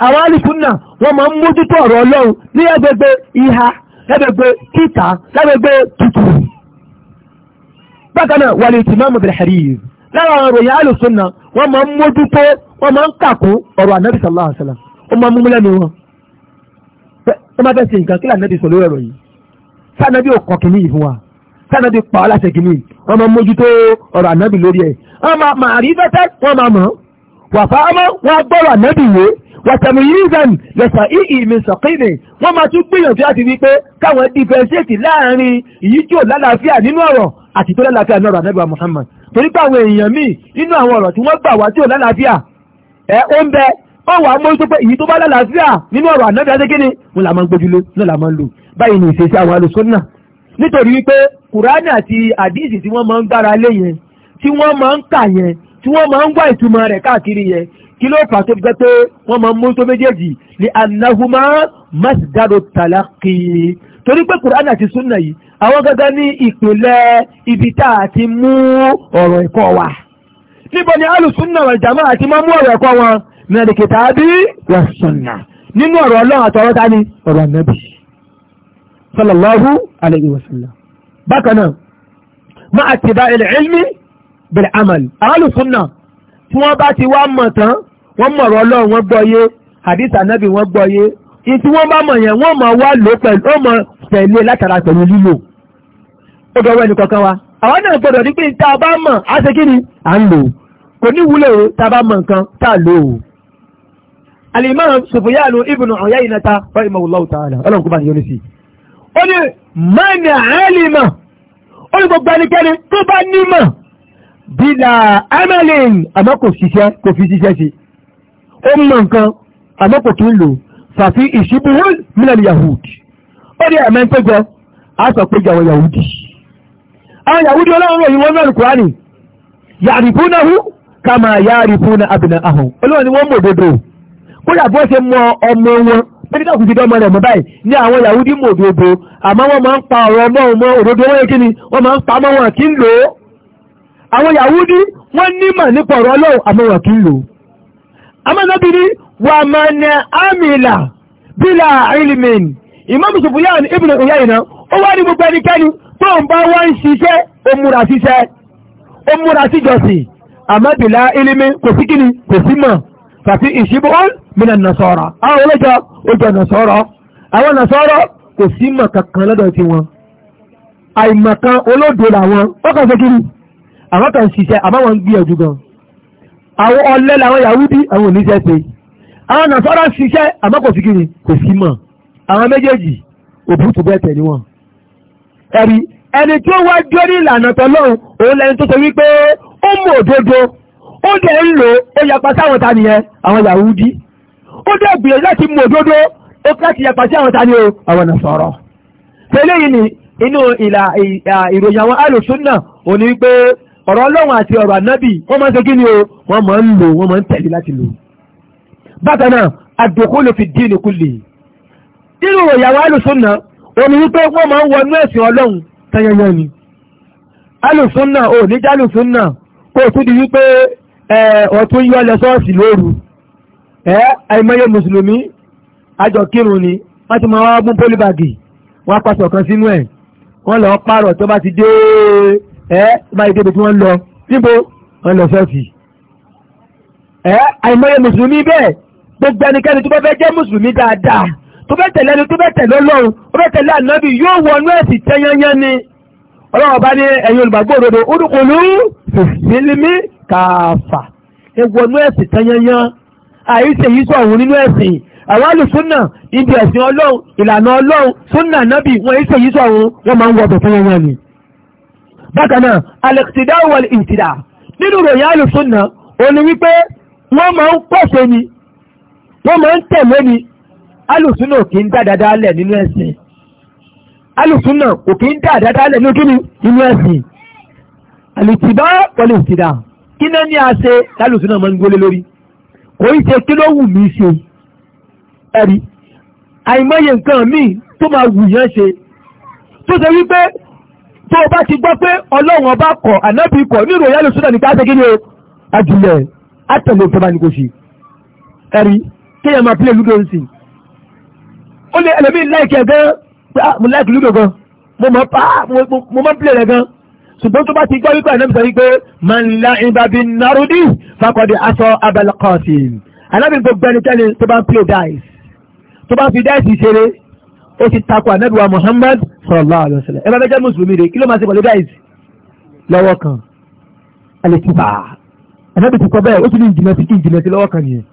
àwọn alìsúnà wọ́n máa ń mójútó ọ̀rọ̀ ọlọ́run ní agbègbè ìhà lágbègbè títà lágbègbè tútù bákan náà wàlẹ̀ ìtìmọ́mù bẹ̀rẹ̀ hàríyìí lára ọ̀rọ̀ ìyá alìsúnà wọ́n máa ń mójútó wọ́n máa ń kàkó ọ̀rọ̀ ànábì sallallahu alaihi wasallam ó máa ń múmú lẹ́nu wọn ó máa fẹ́ ṣe nǹkan kí lànàbì sọ lórí yìí sànàbì ò kọ̀ kìíní ìfún wa sànàbì pa ọ́ láṣẹ kìíní wọ́n máa ń mójútó ọ̀rọ̀ ànábì lórí ẹ̀ wọ́n máa rí fẹ́fẹ́ wọ́n máa mọ̀ ọ́ wàfáàmọ́ wọn gbọ́rọ̀ ànábì yé wàtàmì yíyan lẹ́sà ìhì ìmìsànkìnì wọ́n máa tún gbìyànjú àti wípé káwọn dìfẹ̀ṣẹ́ẹ̀tì láàrin èyí tí ò lálàáfíà nínú ọ̀rọ̀ àti tó lálàáfíà nínú ọ̀rọ̀ ànábì wa Muhammad torí pé àwọn èèyàn míì nínú àwọn ọ̀rọ̀ tí wọ́n gbà wá tí ò lálàáfíà ẹ ó ń bẹ ó wà á mọ́ tó pé èyí tó bá lálàáfíà nínú ọ̀rọ̀ ànábì adékíní wọn là máa ń gbójúlé náà là máa ń lò báyìí ni ìṣesí àwọn alùsùnnà nítorí wípé kùránì àti àdíìsì tí wọ́n máa ń gbára lé yẹn tí wọ́n máa ń kà yẹn tí wọ́n máa ń wá ìtumọ̀ rẹ̀ káàkiri yẹn kí ló fà tó gbẹ́ pé wọ́n máa ń mú tó méjèèjì ní anahuma masdaro talaki torí pé Qur'an àti sunna yìí àwọn gangan ní ìpìlẹ̀ ibi tá a ti mú ọ̀rọ̀ ẹ̀kọ́ wa níbo ni alùsùnà wal jamaa àti máa mú ọ̀rọ̀ ẹ̀kọ́ wọn nínú kìtàbí wa sunna nínú ọ̀rọ̀ ọlọ́run àtọ̀rọ̀ ta ni ọ̀rọ̀ ànábì sallallahu alayhi wa bákan náà máa tìbá ilẹ̀ ilmi bẹ̀rẹ̀ amal alùsùnà tí wọ́n bá ti wá mọ̀ tán wọ́n mọ̀rọ̀ ọlọ́run wọ́n gbọ́yé hadith anabi wọ́n gbọ́yé ní tí wọ́n bá mọ̀ yẹn wọ́n mọ̀ wá lò pẹ̀lú ó mọ̀ e látara pẹ̀lú lílò ó dọ̀wọ́ ẹnì kankan wa àwọn náà gbọ́dọ̀ ní pé tá a bá mọ̀ á ṣe kí ni à ń lò kò ní wúlò o tá a bá mọ̀ nǹkan tá a lò o. alimam sufiyanu ibn uyaynata rahimahullahu ta'ala ọlọ́run kó bá ní yọ́nú sí ó ní mọ́ni àlìmọ̀ ó ní gbogbo ẹnikẹ́ni bílà amalin àmọ́ kò ṣiṣẹ́ kò fi ṣiṣẹ́ sí ó mọ̀ nǹkan àmọ́ kò kí ń lò fàfi ìṣíbúrú mílẹ̀ yahudi ó dé àmẹ́ péjọ a sọ péjọ àwọn yahudi àwọn yahudi ọlọ́run ròyìn wọn mẹ́rin kùránì yàrìfúnahu kama yàrìfúna abìnà ahùn olóòrùn ni wọ́n mọ̀ òdodo kódà bó ṣe mọ ọmọ wọn pẹ́lítà kùsì dọ́mọ rẹ̀ mọ́ báyìí ní àwọn yahudi mọ̀ òdodo àmọ́ wọ́n máa ń pa ọ̀rọ̀ ọmọ òdodo wọ́n yẹ kí ni wọ́n máa ń pa ọmọ wọn kí ń lò ó àwọn Yahudi wọ́n nímọ̀ nípa ọ̀rọ̀ Ọlọ́run àmọ́wọ̀ kí ń lò amọ́nàbí ní wà máa ní àmìlà bílà ilmin Imam Sufyan ibn Uyayna ó wá ní gbogbo ẹnikẹ́ni tó ń bá wọ́n ń ṣiṣẹ́ òmùra ṣiṣẹ́ òmùra síjọsìn àmọ́ bílà ilmin kò sí kíni kò sí mọ̀ fàfi ìṣíbọ́n mìíràn nàṣọ́rọ̀ àwọn olójọ́ ojú nàṣọ́rọ̀ àwọn nàṣọ́rọ̀ kò àwọn kan ṣiṣẹ́ àmọ́ wọn ń gbìyànjú gan àwọn ọlẹ́ làwọn Yahudi àwọn oníṣẹ́ ṣe àwọn nàṣọ́rọ̀ ṣiṣẹ́ àmọ́ kò sí kiri kò sí mọ̀ àwọn méjèèjì òbútù bẹ́ẹ̀ tẹ̀lé wọn. ẹ̀rí ẹni tí ó wá jó ní ìlànà tọ́lọ́run òun lẹni tó sọ wípé ó mú òdodo ó dẹ̀ ń lò ó yapa sáwọn ta nìyẹn àwọn Yahudi ó dẹ̀ gbìyànjú láti mú òdodo ó láti yapa sí àwọn ta ni o àwọn nàṣọ́rọ̀ tẹ́lẹ̀ ni inú ìròyìn àwọn alùsùn náà òní ọ̀rọ̀ ọlọ́run àti ọ̀rọ̀ ànábì wọ́n máa ń ṣe kí ni o wọ́n máa ń lò wọ́n máa ń tẹ̀lé láti lò. bákan náà àdókòlò fi dín ní kúlè nínú ìyàwó alùsùnà òní wípé wọ́n máa ń wọnú ẹ̀sìn ọlọ́run tanyanyan ni alùsùnà ò ní jálùsùnà kó o tún di wípé ọ̀tún yọ lẹ sọ́ọ̀sì lóru àìmọye mùsùlùmí àjọ kírun ni wọ́n ti máa wá mú pólíbàgì wọ́n apasọ̀ kan sínú ẹ̀ wọ́n lọ pààrọ̀ tó bá ti dé ẹ́ báyìí débi tí wọ́n lọ níbo wọ́n lọ sọ́ọ̀sì ẹ́ àìmọye mùsùlùmí bẹ́ẹ̀ gbogbo ẹnikẹ́ni tó bá fẹ́ jẹ́ mùsùlùmí dáadáa tó fẹ́ tẹ̀lé ẹni tó fẹ́ tẹ̀lé ọlọ́run tó fẹ́ tẹ̀lé ànábì yóò wọnú ẹ̀sìn tẹ́yányán ni ọlọ́run bá ní ẹ̀yin olùgbàgbọ́ òdodo orúkọlù sílímì kààfà ewọnú ẹ̀sìn tẹ́yányán àìsè yìí sọ òun nínú ẹ̀sìn àwọn alùsúnà ibi ẹ̀sìn ọlọ́run ìlànà ọlọ́run súnà nábì wọn àìsè yìí sọ òun wọn máa ń wọ bákan náà alẹ́kìtìdá wọlé ìtìdá nínú ròyìn alùsùnà òní wípé wọ́n máa ń pọ̀ṣẹ́ ni wọ́n máa ń tẹ̀lé ni alùsùnà kì í dáadáa lẹ̀ nínú ẹ̀sìn alùsùnà kò kì í dáadáa lẹ̀ nínú kíni nínú ẹ̀sìn alìtìdá wọlé ìtìdá kí náà ní a ṣe alùsùnà máa ń gbólé lórí kò í ṣe kí ló wù mí ṣe ẹ̀rí àìmọye nǹkan míì tó máa wù yẹn ṣe tó ṣe wípé tó o bá ti gbọ́ pé ọlọ́run ọba kọ̀ ànábì kọ̀ ní ìròyìn àlùsùn náà ní káṣẹ́ kí ni o àjùlẹ̀ àtẹ̀lé ìjọba ní kò ṣe ẹ̀rí kéèyàn máa pílẹ̀ lúdò ń sìn ó lè ẹlẹ́mí láìkì ẹ̀ gan pé ah mo láìkì lúdò gan mo máa pa mo máa pílẹ̀ rẹ̀ gan ṣùgbọ́n tó bá ti gbọ́ wípé ànábì sọ wípé máa ń la ìbàbí narudi fakọ̀dé aṣọ abẹ́lẹ́kọ̀ọ̀sìn ànábì gbogbo ẹnikẹ́ni tó bá ń pílẹ̀ dáìs tó bá fi dáìs ó ti takò ànẹ́dùwà Muhammad sallallahu alaihi wasallam ẹ bá fẹ́ jẹ́ mùsùlùmí rẹ̀ kí ló máa ṣe pẹ̀lú guys lọ́wọ́ kan alẹ́tìbà ànẹ́bì ti kọ bẹ́ẹ̀ ó tún ní ìjìnlẹ̀ sí ìjìnlẹ̀ sí lọ́wọ́ kan nìyẹn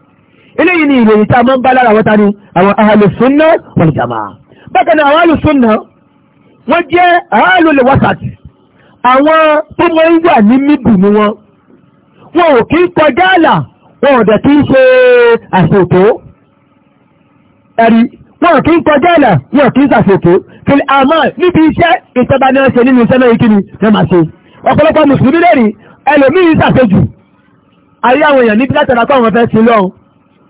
eléyìí ni ìròyìn tá a máa ń bá lára àwọn ta ni àwọn ahlu sunna wal jamaa bákan náà àwọn ahlu sunna wọ́n jẹ́ ahlu lè wásàtì àwọn tó mọ ń wà ní mídù ni wọn wọn ò kí kọjá àlà wọn ò dẹ̀ kí ń ṣe àṣètò ẹ̀rí wọn kì í kọjá ẹ̀là wọn kì í sàfòkó fìlì àmọ́ níbi iṣẹ́ ìjọba ní ọ̀sẹ̀ nínú iṣẹ́ náà ìkíni ní màá ṣe ọ̀pọ̀lọpọ̀ mùsùlùmí lè rí ẹlòmíì sàfẹ́jù ayé àwọn èèyàn níbi látara pé àwọn fẹ́ sí lọ́hùn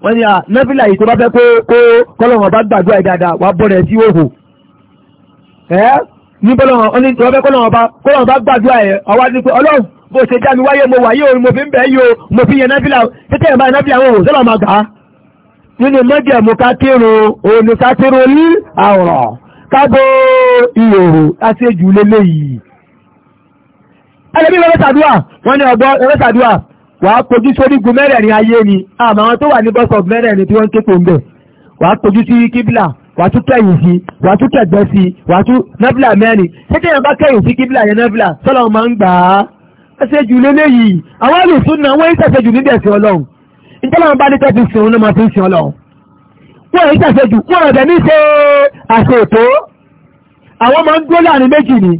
wọ́n ní à nọ́fìlà yìí tó bá fẹ́ kó kó kọ́lọ́wọ́n bá gbàdúrà ìdáadáa wàá bọ́ rẹ̀ sí òhò ẹ́ ní kọ́lọ́wọ́n bá gbàdúrà ẹ̀ ọwá ní pé ọlọ́run bó ṣe já mi wáyé mo wáyé òun mo fi ń bẹ́ẹ̀ yóò mo fi yẹn nọ́fìlà tẹ́tẹ́ ìbá nọ́fìlà òhò sọ́lọ́ máa gbà á nínú mọ́jẹ̀mú kátírò òní kátírò ní àwọ̀rọ̀ kágbó ìhòòrò àti èjì lélẹ̀ yìí ẹlẹ́bí ẹlẹ́sàdúwà wọ́n ní ọgbọ́ ẹlẹ́sàdúwà wà á kojú sórí gun mẹ́rẹ̀ẹ̀rin ayé ni àmọ́ àwọn tó wà ní bọ́sọ̀ mẹ́rẹ̀ẹ̀rin tí wọ́n ń képo ń bẹ̀ wà á kojú sí kíbìlà wà á tún kẹ̀yìn sí wà á tún kẹ̀gbẹ́ sí wà á tún nẹ́fìlà mẹ́rin ṣẹ́kẹ́ yẹn bá kẹ̀yìn sí kíbìlà yẹn nẹ́fìlà sọ́lọ́ máa ń gbà á ẹsẹ̀ jù lélẹ́yìí àwọn àlùsùn náà wọ́n ń ṣẹ̀ṣẹ̀ jù nídẹ̀ẹ́sẹ̀ ọlọ́run ìtọ́lọ́wọ́n bá ní tẹ́tí sìn òun ló máa fi ń sìn ọlọ́run wọ́n èyí tẹ̀sẹ̀ jù wọ́n ọ̀dẹ̀ ní ṣe àṣẹ ètò àwọn máa ń dúró láàrin méjì ni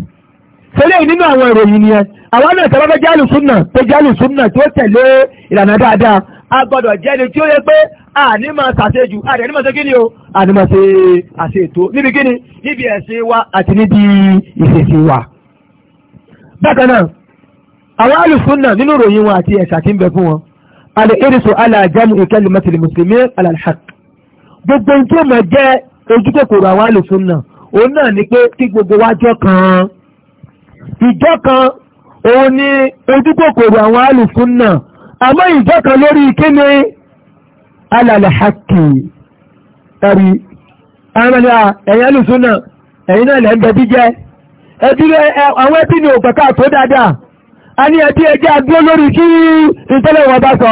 sẹ́lẹ̀ nínú àwọn ìròyìn ni ẹ àwọn náà tẹ́lá fẹ́ jálù súnà tó jálù súnà tó tẹ̀lé ìlànà dáadáa a gbọ́dọ̀ jẹ́ ni tí ó yẹ pé àní máa ṣàṣe jù àdẹ̀ ní máa ṣe kíni o àní máa ṣe àṣẹ ètò níbi kíni níbi ẹ̀sìn wa àti níbi ìṣèṣì wa. bákan náà àwọn alùsùnà nínú ìròyìn wọn àti ẹ̀ṣà tí ń bẹ fún wọn alẹ́kẹ́rẹ́sọ aláàjámù ìkẹlùmọ́tìlì mùsùlùmí alàlhàk gbogbo tí ó mọ̀ jẹ́ ojú kòkòrò àwọn alùsùn náà òun náà ni pé kí gbogbo wa jọ kan ìjọ kan òun ni ojú kòkòrò àwọn alùsùn náà àmọ́ ìjọ kan lórí kíni alàlhàkì ẹ̀rí àmàlà ẹ̀yìn alùsùn náà ẹ̀yìn náà lẹ́ ń bẹ jíjẹ ẹbí àwọn ẹbí ni òpẹ̀ká tó dáadáa a ní ẹbí ẹjẹ́ agbó lórí kí ìtọ́lẹ̀wọ̀n bá sọ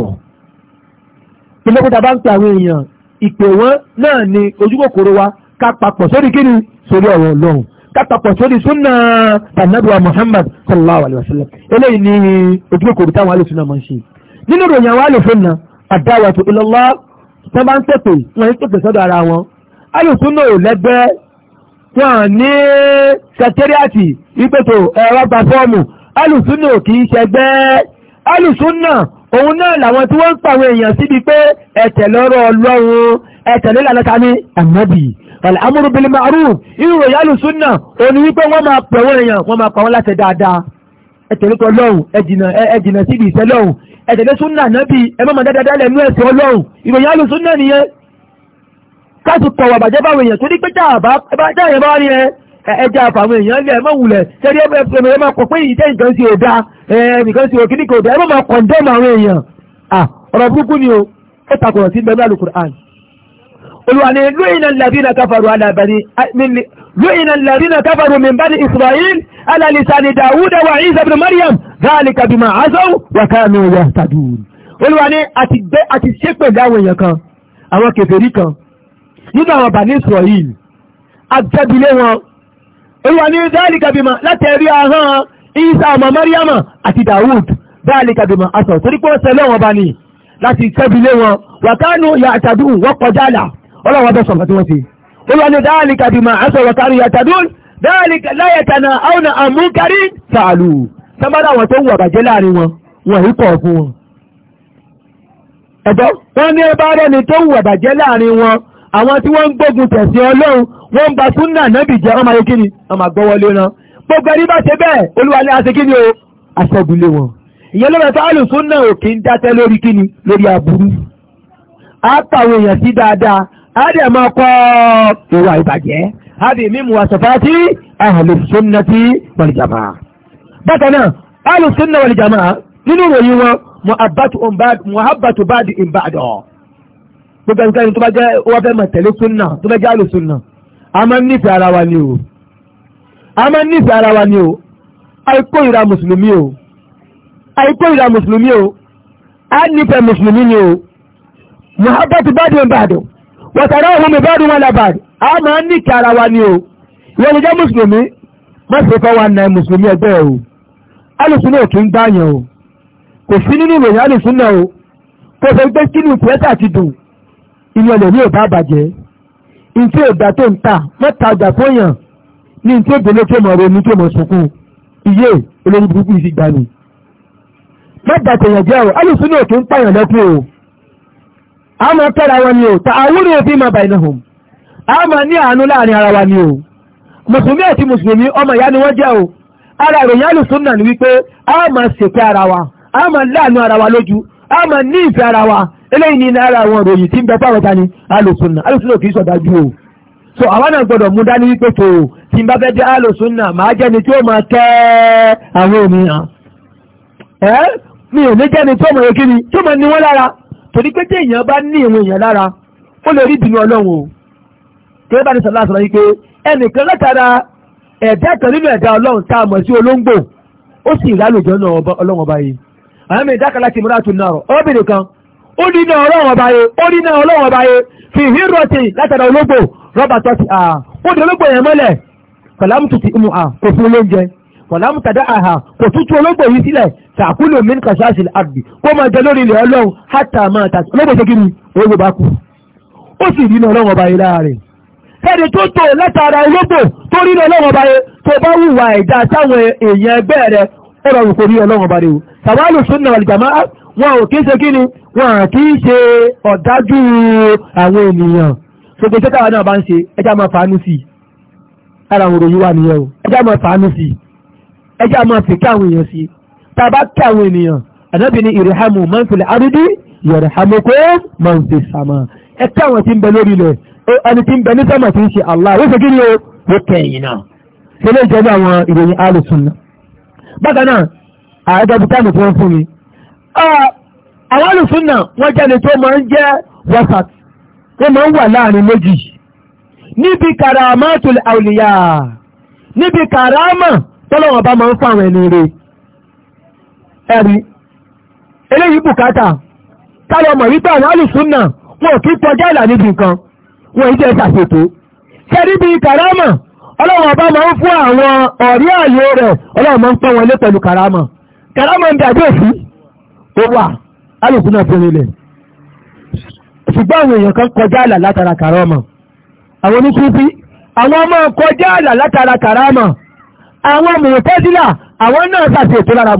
tí lókúta bá ń pe àwọn èèyàn ìpè wọn náà ni ojúkòkòrò wa ká papọ̀ sórí kíni sórí ọ̀rọ̀ ọlọ́run ká papọ̀ sórí súnà tànàbíwá Muhammad sallallahu alayhi wa sallam eléyìí ni ojúkòkòrò táwọn alẹ́ súnà máa ń ṣe nínú ìròyìn àwọn alẹ́ súnà àdáwàtò ilallah tó bá ń tètè wọn ń tètè sọ́dọ̀ ara wọn alẹ́ súnà ò lẹ́gbẹ́ wọn ní sẹkẹ́rìàtì ìpètò ẹ̀rọ gbà fọ́ọ̀mù alẹ́ súnà kì í ṣẹgbẹ́ alẹ́ súnà òun náà làwọn tí wọ́n ń pàwọn èèyàn síbi pé ẹ̀tẹ̀lọ́rọ̀ ọlọ́run ẹ̀tẹ̀lẹ́lànàta ní ànábì al-amru bil ma'ruf irú ìyálù súnà òní wípé wọ́n máa pẹ̀wọ́n èèyàn wọ́n máa pàwọn láti dáadáa ẹ̀tẹ̀lẹ́tọ̀ ọlọ́run ẹ̀jìnà síbi ìṣẹ́ lọ́run ẹ̀tẹ̀lẹ́ súnà nábì ẹmọ́mọ́ dáadáa lẹ́nu ẹ̀sẹ̀ ọlọ́run irú ìyálù súnà nìyẹn káàtù pọ̀wọ̀ bàjẹ́ báwọn èèyàn tó ní pé táàyẹ̀ bá rí ẹ ẹja àfàwọn èèyàn lẹ̀ mọ́ wulẹ̀ tẹ́lí ẹ máa kọ̀ pé èyí tẹ́ nǹkan sí òdá nǹkan sí òkìní kò dá ẹ máa kọ̀ndẹ́mù àwọn èèyàn ọ̀rọ̀ burúkú ni o ó takọ̀rọ̀ sí bẹ́ẹ̀ lálùkù àn. olùwàní lóyìn náà làbí náà káfàrú alábàní lóyìn náà làbí náà káfàrú min Israel ala lisani Dawud wa Isa bin Maryam dhalika bima azaw wa kanu yahtadun. olùwàní àti ṣépè láwọn èèyàn kan àwọn kèfèrí kan nínú àwọn bani Israel àjẹbílẹ̀ wọn olúwa ní dáàlìkà bímọ láti ẹ̀rí ahọ́n isa ọmọ mariama àti dawud dáàlìkà bímọ asọ̀ torí pé ó sẹlẹ̀ wọn bá ní láti kẹ́bílé wọn wàkánù ya àtàdùn wọ́n kọjá àlà ọlọ́wọ́n bẹ́sọ̀ nǹkan tí wọ́n ti olúwa ní dáàlìkà bímọ asọ̀ wàkánù ya àtàdùn dáàlìkà láyẹ̀tànà àwọn àmúkárí fàálù sábàdà wọn tó ń wà bàjẹ́ láàrin wọn wọn ì kọ̀ fún wọn ẹ̀dọ́ wọn ní ẹ bá rẹ́ni tó ń wà láàrin wọn àwọn tí wọ́n ń gbógun tẹ̀sí ọlọ́run wọ́n ń ba súnà nẹ́bì jẹ́ ọmọ ayé kíni ọmọ àgbọ́wọlé náà gbogbo ẹni bá ṣe bẹ́ẹ̀ olúwa ní aṣe kíni o aṣẹ́bùlé wọn ìyẹn ló mẹ́ta àlù súnà ò kí ń dáṣẹ́ lórí kíni lórí aburú á pàwọn èèyàn sí dáadáa á dẹ̀ máa kọ́ ìwà ìbàjẹ́ á mímu àṣọfà tí súnà tí wàlìjàmà bákan náà àlù súnà wàlìjàmà nínú ìròyìn wọn muhabbatu um báàdì ìbàdàn gbogbo ẹnikẹ́ni tó bá jẹ́ wọ́n fẹ́ mọ̀ tẹ̀lé súnà tó bá jẹ́ àlù súnà a ma ń arawa ara wa ni o a máa ń arawa ni o àìkórìíra mùsùlùmí o o a nífẹ̀ẹ́ mùsùlùmí ni o muhabbatu bá dùn bàdùn wọ̀tàrà òhun mi wọn làbàd a ma ń ara wa ni o ìwọ́n jẹ́ mùsùlùmí má ṣe fẹ́ wa o alùsùn náà kì í o kò sí nínú ìròyìn alùsùn náà o kò fẹ́ gbé kínú pẹ́sà ti dùn ìyẹn ntí ìgbà tó ń ta mẹ́ta ọjà fóyàn ní ntí ìdílé tó tó mọ̀ sunkún iye olórí burúkú yìí ti gbà mí. mẹ́ta tèèyàn jẹ́ o alùpùpù ní òkè ń pààyàn o àmọ́ kẹ́ra wọn ni o ta àwúrò òfin máa bàyìí náà hùm àmọ́ ní àánú láàrin ara wa ni o mùsùlùmí àti mùsùlùmí ọmọ ìyá ni wọ́n jẹ́ o ara ìròyìn alùsùn náà ni wípé a máa ṣèpẹ́ ara wa a máa láàánú ara wa lójú a máa ní ìfẹ́ ara wa eléyìí ni lára àwọn ìròyìn tí ń bẹ fáwọn ta ni alòsùnà alòsùnà kì í sọ̀dájú o so àwọn náà gbọ́dọ̀ mú dání wípé tó o tí n bá fẹ́ jẹ́ alòsùnà màá jẹ́ni tí ó máa tẹ́ àwọn òmìnira ẹ́ mi ò ní jẹ́ni tí ó mọ̀ yókì ni tí ó mọ̀ ní wọ́n lára torí pé tí èèyàn bá ní ìwọ̀n èèyàn lára ó lè rí ìbínú ọlọ́run o kí bá ní sọ̀rọ̀ sọ̀rọ̀ yìí pé ẹnìkan látara ẹ̀dá kan nínú ẹ̀dá ọlọ́run tá a mọ̀ sí olóńgbò ó sì ìrálòjọ́ náà ọlọ́run ọba yìí àwọn mi ìdákan láti múra tún náà ọ̀rọ̀ ọ̀bìnrin kan ó ní náà ọlọ́wọ̀n báyé ó ní náà ọlọ́wọ̀n báyé fi ìhín rọ̀tì látara ológbò rọ́bà tọ́tì à ó di ológbò yẹn mọ́lẹ̀ kọ̀lámùtù ti mu à kò fún olóúnjẹ kọ̀lámùtà dá àhà kò tútù ológbò yìí sílẹ̀ tàkúlò min kàṣáṣì àgbì kó máa jẹ lórí ilẹ̀ ọlọ́run hátà máa tà ológbò ṣe kíni ológbò bá kú ó sì rí náà ọlọ́wọ̀n báyé láàrin ẹni tó tò látara ológbò tó rí náà ọlọ́wọ̀n báyé tó bá hùwà ẹ̀dá táwọn èèyàn ẹgbẹ́ rẹ̀ ó rọrùn kò rí ọlọ́wọ̀n báyé o tàwa lùsùn náà àlìjàmáà wọn ò kí ń ṣe kí ni wọn à kí ń ṣe ọ̀dájú àwọn ènìyàn gbogbo iṣẹ́ táwa náà bá ń ṣe ẹjá máa fàánú sí i ara àwọn òròyìn wà nìyẹn o ẹjá máa fàánú sí i ẹjá máa fi kí àwọn èèyàn sí i tá a bá kí àwọn ènìyàn ànábì ní ìrìhámù máa ń filẹ̀ àrídí yọ̀rìhámù kó máa ń fi sàmà ẹ kí àwọn tí ń bẹ lórí ilẹ̀ ẹni tí ń bẹ ní sàmà tí ń ṣe Allah wọ́n ṣe kí ni o ó kẹ̀yìn náà Ah, àwọn alùsùnà wọ́n jẹ́ni tó máa ń jẹ́ wasat wọ́n máa ń wà láàrin méjì níbi karamatul níbi karama tọ́lọ́wọ̀n bá máa ń fáwọn ẹni rẹ̀ ẹ̀rí eléyìí bùkátà tálọ́mọ̀ wípé àwọn alùsùnà wọn kì kọjá ìlà níbi nǹkan wọn karama ọlọ́wọ̀n bá máa ń fún àwọn ọ̀rí ààyè rẹ̀ ọlọ́wọ̀n máa ń karama karama ń àbí tó wà alùpùpù náà fi rinlẹ̀ ṣùgbọ́n àwọn èèyàn kan kọjá àlà látara kàrámà àwọn oníṣúfí àwọn ọmọ kọjá àlà látara kàrámà àwọn mùtẹ́sílà àwọn náà sàṣe ètò lára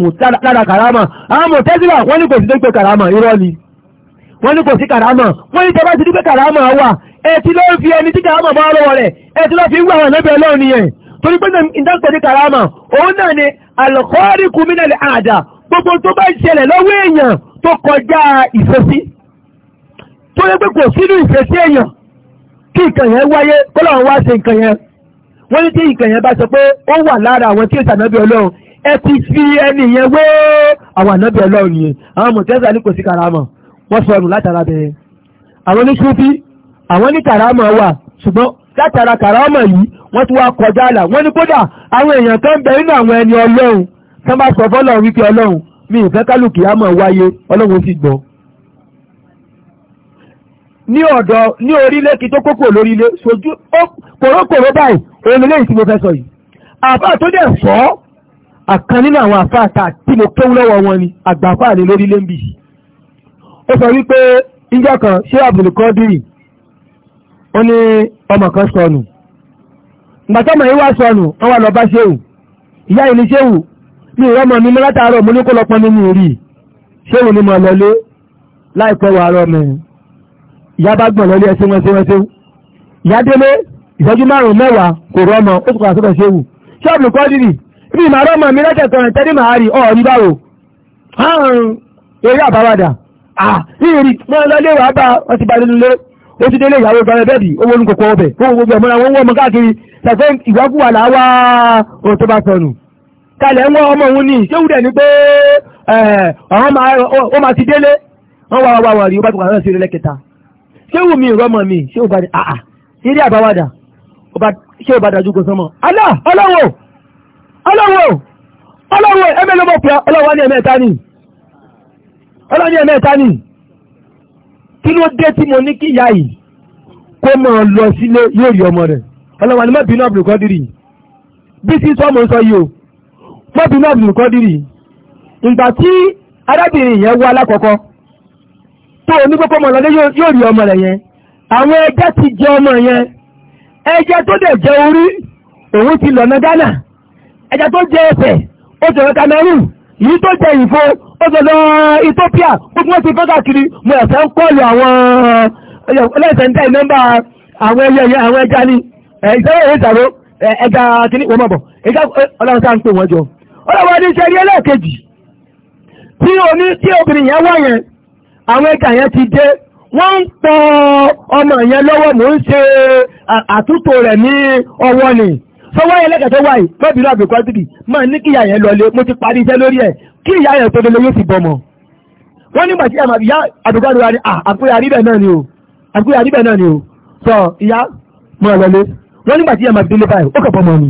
kàrámà àwọn mùtẹ́sílà wọ́n ní kò sí pé kàrámà irọ́ ni wọ́n ní kò sí kàrámà wọ́n ní tẹ́bá ti ní pé kàrámà wà ẹtí ló ń fi ẹni tí kàrámà bá rọwọ́ rẹ̀ ẹtí ló fi ń gbogbo tó bá ṣẹlẹ̀ lọ́wọ́ èèyàn tó kọjá ìfẹ́sí tó yẹ pé kò sínú ìfẹ́sí èèyàn kí nǹkan yẹn wáyé kó lọ́wọ́ wá ṣe nǹkan yẹn wọ́n ní tí nǹkan yẹn bá sọ pé ó wà lára àwọn tí èsì ànábì ọlọ́run ẹ ti fi ẹni yẹn wé àwọn ànábì ọlọ́run yẹn àwọn mọ̀tẹ́sà ní kò sí karamọ̀ wọ́n sọ ọnù látara bẹ̀rẹ̀ àwọn ní súfí àwọn ní karamọ̀ wà ṣùgbọ́n látara karamọ̀ yìí wọ́n ti wá kọjá àlà wọ́n ní kódà àwọn èèyàn kan bẹ nínú àwọn ẹni ọlọ́run tán bá sọ fọ́lọ́run wípé ọlọ́run mi ìfẹ́ kálùkì á mọ̀ wáyé ọlọ́run sì gbọ́ ní ọ̀dọ̀ ní orílẹ̀ kí tó kókò lórílẹ̀ sojú kòrókòró báyìí òun lè tí mo fẹ́ sọ yìí àfá tó dẹ̀ sọ àkan nínú àwọn àfá àta tí mo kéwú lọ́wọ́ wọn ni àgbàfà ní lórílẹ̀ ń bì ó sọ wípé ìjọ kan ṣé Abdulkadiri ó ní ọmọ kan sọnù ìgbà tọ́mọ yìí wá sọnù wọ́n wá lọ bá ṣéwù ìyá yìí ṣéwù mi ìrọ́ mọ̀ mi mọ́ látàárọ̀ mo ní kó lọ́pọ̀ nínú rí ṣé òun ni mo lọlé láìpẹ́ wà rọ mi ìyá bá gbọ̀n lọlé ẹsẹ̀ wọn ṣe wọn ṣe ìyá délé ìṣẹ́jú márùn mẹ́wàá kò rọ́mọ ó tún kà sọ́dọ̀ ṣọ́ọ̀bù kọ́ dìrì bí màá mi lọ́tẹ̀ kan tẹ́lẹ̀ màá rí ọ̀ rí báwo eré àbáwádà ìrì mọ́ lọlé wàá bá wọn ti bá nínú lé ó ti délé ìyàwó ìbára bẹ́ẹ̀bì owó ní kòkó ọbẹ̀ owó kalẹ̀ ń wá ọmọ òun ní ìṣéwúdẹ̀ ni pé ó máa ti délé wọ́n wá wá wà rí ó bá ti wà náà sí ilé kẹta ṣéwù mi ìrọ́mọ mi ṣéwù bá ní àà eré àbáwádà ṣéwù bá dájú kò sọmọ alá ọlọ́wọ́ ọlọ́wọ́ ọlọ́wọ́ ẹ̀mẹ́ ló mọ̀ pé ọlọ́wọ́ ní ẹ̀mẹ́ta ni ọlọ́wọ́ ní ẹ̀mẹ́ta ni kí ló dé tí mo ní kí ìyá yìí kó mọ̀ lọ sílé yóò rí ọmọ rẹ̀ ọlọ́wọ́ ni mọ̀ bínú àbùrùkọ́ dìrì bí sí sọ́mọ sọ yìí o pọ́bí náà bìí nǹkan dìrì ìgbà tí arábìnrin yẹn wá lákọ̀ọ́kọ́ tó ní kókó lọ́dẹ́ yóò rí ọmọ rẹ̀ yẹn àwọn ẹja ti jẹ ọmọ yẹn tó dẹ̀ jẹ orí òun ti lọ̀nà Ghana ẹja tó jẹ ẹsẹ̀ ó ti Cameroon yìí tó jẹ ìfo ọlọ́wọ́ ní ṣe rí ẹlẹ́ẹ̀kejì tí oní tí obìnrin yẹn wà yẹn àwọn ẹja yẹn ti dé wọ́n ń pọ ọmọ yẹn lọ́wọ́ mò ń ṣe àtúntò rẹ̀ ní ọwọ́ ni sọwọ́ yẹn lẹ́kẹ̀ẹ́ tó wà yìí mọ́bìnrin àbíkọ́sìkì máa ní kíyà yẹn lọlé mo ti parí iṣẹ́ lórí ẹ̀ kí ìyá yẹn tó délé yóò sì bọ́mọ wọ́n nígbà tí ìyá àbíkọ́sìkì wa ni àkúrẹ́ àríbẹ̀ náà ni o àkúrẹ́ àríbẹ̀ náà ni o sọ ìyá mọ̀ lọlé wọ́n nígbà tí ìyá màbí délé báyìí ó kẹ̀ bọ́mọ ni.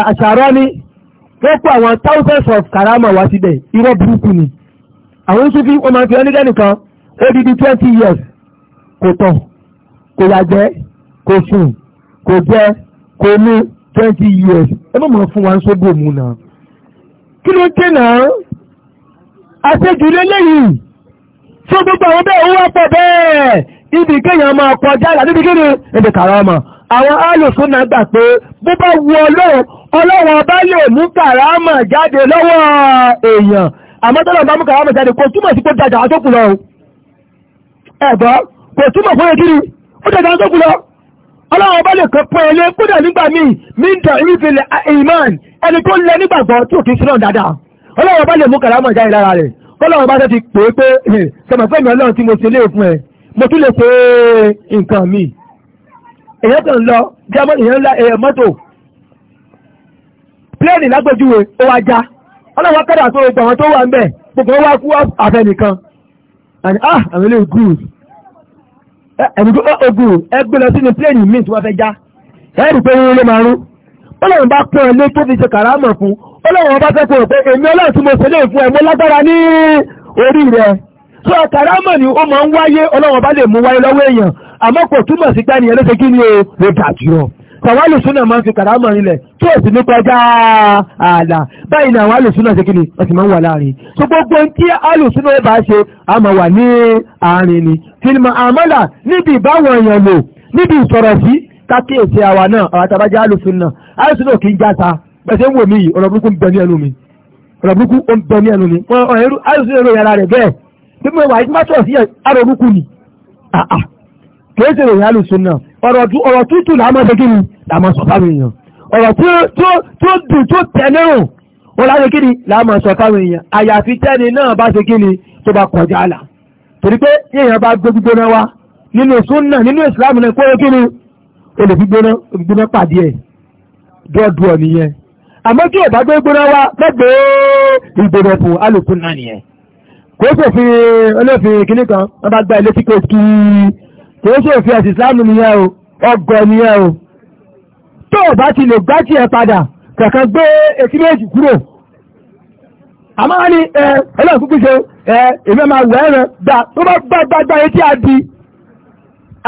àṣàrọ́ ni wọ́n kó àwọn thousands of karama wá síbẹ̀ irọ́ burúkú ni àwọn wọ́n máa fi ọ́ nígbà ó di di years kò tọ̀ kò yàgbẹ́ kò sùn kò kò mú twenty years ẹ má mọ̀ fún wa sóbò mu náà kí ló ń ké náà àṣejù lélẹ́yìn gbogbo àwọn bẹ́ẹ̀ wọ́n pọ̀ bẹ́ẹ̀ ibi kéèyàn máa kọjá karama àwọn náà gbà pé bó bá ọlọ́wọ̀n ọba lè mú kàrámà jáde lọ́wọ́ èèyàn àmọ́tọ́lọ̀ bá mú kàrámà jáde kò túmọ̀ sí pé dájà àtókù lọ ẹ̀gbọ́ kò túmọ̀ fún ẹgírí ó dájà àtókù lọ ọlọ́wọ̀n ọba lè kọ́ pẹ́ ilé kódà nígbà míì mínta ìrìnfilẹ̀ iman ẹni tó lẹ nígbàgbọ́ tí ò kí sílọ̀ dáadáa ọlọ́wọ̀n ọba lè mú kàrámà jáde lára rẹ̀ kọ́lọ́wọ̀n ọba ti pè é pé sọmọ̀fẹ́mi ọlọ́run tí mo ṣe lé e fún ẹ mo tún lè pé nǹkan míì èèyàn kan lọ jẹ́ mọ́tò pléènì lágbèjúwe ó wá já ọlọ́wọ́ kọ́dà tó gbà wọn tó wà ń bẹ̀ gbogbo wá kú àfẹnìkan and ah àwọn ilé gùn ẹ̀bùn tó ogun ah, ẹgbẹ́ lọ sínú pléènì míì tí wọ́n fẹ́ já ẹ̀rù pé irun ló máa rún ọlọ́run bá pọ̀ ilé tó fi ṣe kàrámọ̀ fún ọlọ́run bá fẹ́ pọ̀ pé èmi ọlọ́run tí mo ṣe lè fún ẹ mo lágbára ní orí rẹ̀ tó kàrámọ̀ ni ó máa ń wáyé ọlọ́run bá lè mú wáyé lọ́wọ́ èèyàn àmọ́ kò túmọ̀ sí gbá nìyẹn ló ṣe kí ni o lè dàbí rọ̀ tàwálù súnà máa ń fi kàrámà rinlẹ̀ tí ò sì ní kọjá ààlà báyìí ni àwọn alùsúnà ṣe kí ni máa ń wà láàrin so gbogbo tí alùsúnà ó bá ṣe a máa wà ní àárín ni fílmù àmọ́là níbi ìbáwọn èèyàn lò níbi ìsọ̀rọ̀ sí kákíyèsí àwa náà àwọn àtàbájá alùsúnà alùsúnà kì í játa bẹ́sẹ̀ ń wò mí ọ̀rọ̀ burúkú ń bẹ ní ẹnu mi ọ̀rọ̀ burúkú ń bẹ ní ẹnu mi alùsúnà kéèsè ròyìn alùsùn náà ọ̀rọ̀ tútù làá máa ṣekí ni làá máa sọ fáwọn èèyàn ọ̀rọ̀ tó dùn tó tẹ̀lérùn ó láṣẹ kí ni làá máa sọ fáwọn èèyàn àyàfi tẹ́ni náà bá ṣe kí ni tó bá kọjá àlà torí pé èèyàn bá gbé gbígbóná wa nínú súnà nínú ìsìlámù náà kó kí ni o lè gbígbóná pàdé ẹ̀ dọ́ọ̀dù ọ̀ nìyẹn àmọ́ kí ọ̀bá gbé gbóná wa lọ́gbẹ̀ẹ́ ìgbóná fún alùpùn náà nìyẹn kò sófin olófin kìnnìkan wọn bá gba ilé tí kò kí kò ṣe òfin ẹ̀sìn ìsìláàmù nìyẹn o ọgọ nìyẹn o tó o bá ti lè gbájì ẹ padà kẹ̀kẹ́ gbé etí méjì kúrò àmọ́ ma ní ẹ ẹlọ́run ṣe ẹ èmi máa wẹ̀ ẹ̀rẹ̀ gbà tó bá gbà gbà gbà etí adi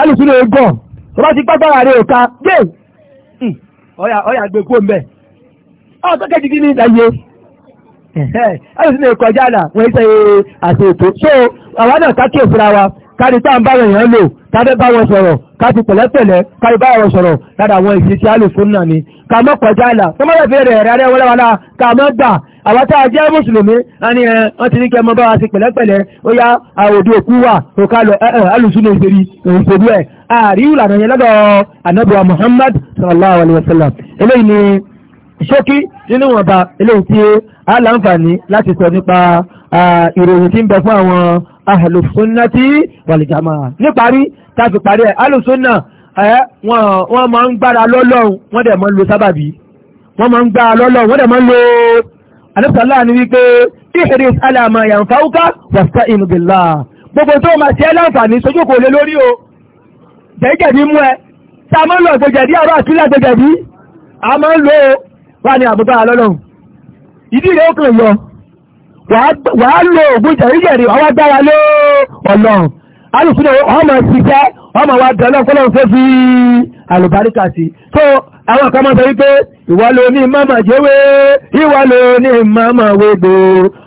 alùpùpù lè gọ̀ tó bá ti gbàgbára rẹ̀ òka gbé ọ̀yà ọ̀yà gbé kúrò mbẹ́ ọ̀tọ́ kẹ́jì kí ni ìdáyé alùpùpù lè kọjá àná wọ́n ṣe àṣẹ ètò so àwọn náà ká kí òfin wa. kárí tá à ń bá rẹ̀ yàn lò kárí bá wọn sọ̀rọ̀ káti pẹ̀lẹ́pẹ̀lẹ́ kárí bá wọn sọ̀rọ̀ dáadáa àwọn ìṣe tí a lè fún náà ni ká mọ́ kọjá àlà tó mọ́lẹ̀ fi rẹ̀ rẹ̀ wọléwọlá ká mọ́ gbà àwọn tá a jẹ́ mùsùlùmí ẹni ẹ wọ́n ti ní kẹ́ mọ bá wa sí pẹ̀lẹ́pẹ̀lẹ́ ó yá àwòdì òkú wà kó ká lọ ẹ̀ẹ́ alùsùn ìṣèrí ìṣèlú ẹ̀ ààrí Muhammad sallallahu alayhi wa sallam ni ṣókí nínú ìwọ̀nba eléyìí tí a láǹfààní láti sọ nípa ìròyìn tí ń bẹ ahàlùsúnnàtí wàlìjàmà níparí tàbí parí ẹ̀ alùsúnnà ẹ̀ wọ́n máa ń gbára lọ́lọ́run wọ́n dẹ̀ máa ń lo sábàbí wọ́n máa ń gbára lọ́lọ́run wọ́n dẹ̀ máa ń lo alẹ́sàlá ni wípé ihris ma yanfa'uka wasta'in billah gbogbo tó máa ṣe láǹfààní sójú kò lé lórí o jẹ́jẹ̀dí mú ẹ tá a máa ń lo àgbẹ̀jẹ̀dí àrọ́ àtúlẹ̀ àgbẹ̀jẹ̀dí a máa ń lo wà ní àbúgbára lọ́lọ́run ìdí rẹ̀ ó kàn yọ wàá lo ògùn jẹ̀ríjẹ̀rí ọwọ́ dára lé ọlọ́run alùpùpù ọmọ ìsìnkẹ́ ọmọ wa dẹ̀lọ́ fọlọ́run fẹ́ fi àlùbáríkà sí so àwọn kan máa sọ wípé ìwà ló ní mọ́mọ̀ jẹ́wé ìwà ló ní mọ́mọ̀ wégbò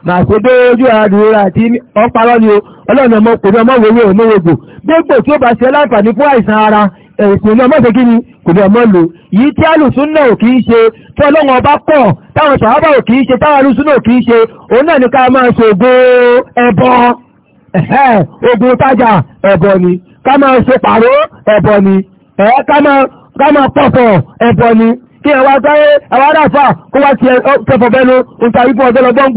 màá ṣe dójú àdúrà tí ọparọ́ ni ọlọ́run ọmọ kò ní ọmọ wéwé òmówégbò gbégbò tí ó bá ṣe láǹfààní fún àìsàn kò ní ọmọ lò yìí tí alùsùn náà ò kì í ṣe tí ọlọ́run ọba pọ̀ táwọn ṣàhábà ò kì í ṣe táwọn alùsùn náà ò kì í ṣe òun náà ní ká máa ṣe ògo ẹbọ ogun tájà ẹbọ ni ká máa ṣe pàró ẹbọ ni ká máa pọ̀pọ̀ ẹbọ ni kí ẹwà sáyé àwọn aráàfà kó wá tiẹ̀ kẹfọ̀ bẹ́nu nta ikú ọ̀dọ́ nta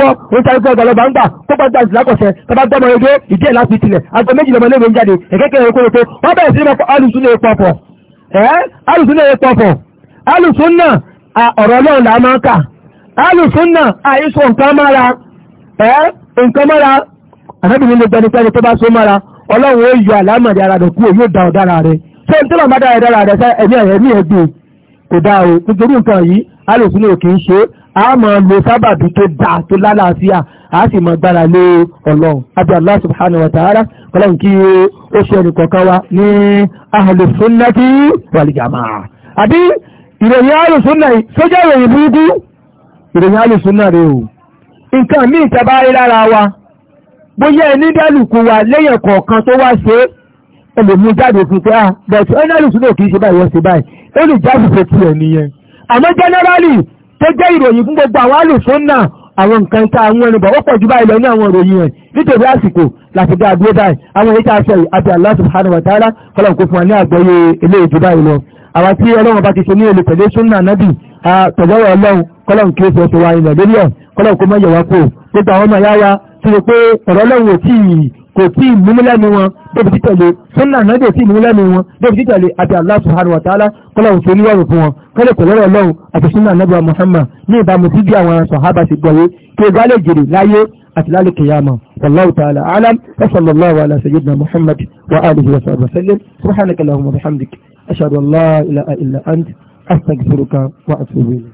ikú ọ̀dọ́ tó bá dá ìsìlákọ̀ṣẹ́ tọ́ba gbọ́mọ ẹgbẹ́ ìdí ẹ̀ láti tilẹ̀ àgbẹ̀ méjìlélọ́mọ lẹ́wọ̀n jáde ẹ̀kẹ́kẹ́ ẹ̀kọ́ lóko wọ́n bẹ̀rẹ̀ sí ní ọlùsùn pọ̀pọ̀ ẹ́ alùsùn náà yẹ pọ̀pọ̀ alùsùn náà ọ̀rọ̀ ọlọ́run là máa ń kà alùsùn náà àìsàn nǹkan mára àtàbìnrin lè gbẹnikẹ́ni tó bá so mára ọlọ́run ó yọ àlámàdì ara rẹ̀ kú yóò da ọ̀dára rẹ̀ ṣé n tó lọ́ọ́ má dára ẹ̀dára rẹ̀ sẹ́ ẹ̀mí ẹ̀mí kò dáa o nítorí nǹkan yìí kì í ṣe a lo sábàbí tó dáa tó lálàáfíà a sì gbára lé ọlọ́run subhanahu wa ta'ala kọ́lọ́n kí ó ṣe ẹnì kọ̀ọ̀kan wa ní ahlu sunnati wal jamaa àbí ìròyìn ahlu sunna sójà ìròyìn burúkú ìròyìn ahlu sunna rẹ o nǹkan míì tẹ́bá rí lára wa bóyá ẹni dálùkù wa lẹ́yìn kọ̀ọ̀kan tó wá ṣe é ẹlòmú jáde fún pé ah bẹ̀tù ẹni dálùkù náà kì í ṣe báyìí wọ́n ṣe báyìí ó lè jáde fún tiẹ̀ nìyẹn àmọ́ jẹ́nẹ́rálì tó jẹ́ ìròyìn fún gbogbo àwọn ahlu sunna àwọn nǹkan tá àwọn ẹnubọ̀ ó pọ̀ jù báyìí lọ ní àwọn ìròyìn rẹ̀ nítorí àsìkò láti dá àdúró báyìí àwọn èyí tá a sọ yìí àti Allah subhanahu wa ta'ala kọ́lọ̀ kó fún wa ní àgbọ́yé eléyìí jù báyìí lọ àwọn tí ọlọ́run bá ti ṣe ní èlò pẹ̀lú súnà nábì tọ̀lọ́rọ̀ ọlọ́run kọ́lọ̀n kí ó fẹ́ wa ilẹ̀ lórí ẹ̀ kọ́lọ̀n kó mọ́ yẹ̀wá gbogbo àwọn ọmọ yáya kò tí ì mú lẹ́nu wọn débi títẹ̀lé sunna náà dẹ̀ tí ì mú lẹ́nu wọn débi títẹ̀lé àti Allah subhanahu wa ta'ala kọ́lá òfin níwọ̀rùn fún wọn kọ́lá pẹ̀lọ́rọ̀ ọlọ́run àti sunna náà bíi Muhammad ní ìbámu sí bí àwọn sàhábà ti gbọ́yé kí o bá lè jèrè láyé àti lálẹ́ kìyàmà wallahu ta'ala alam wa sallallahu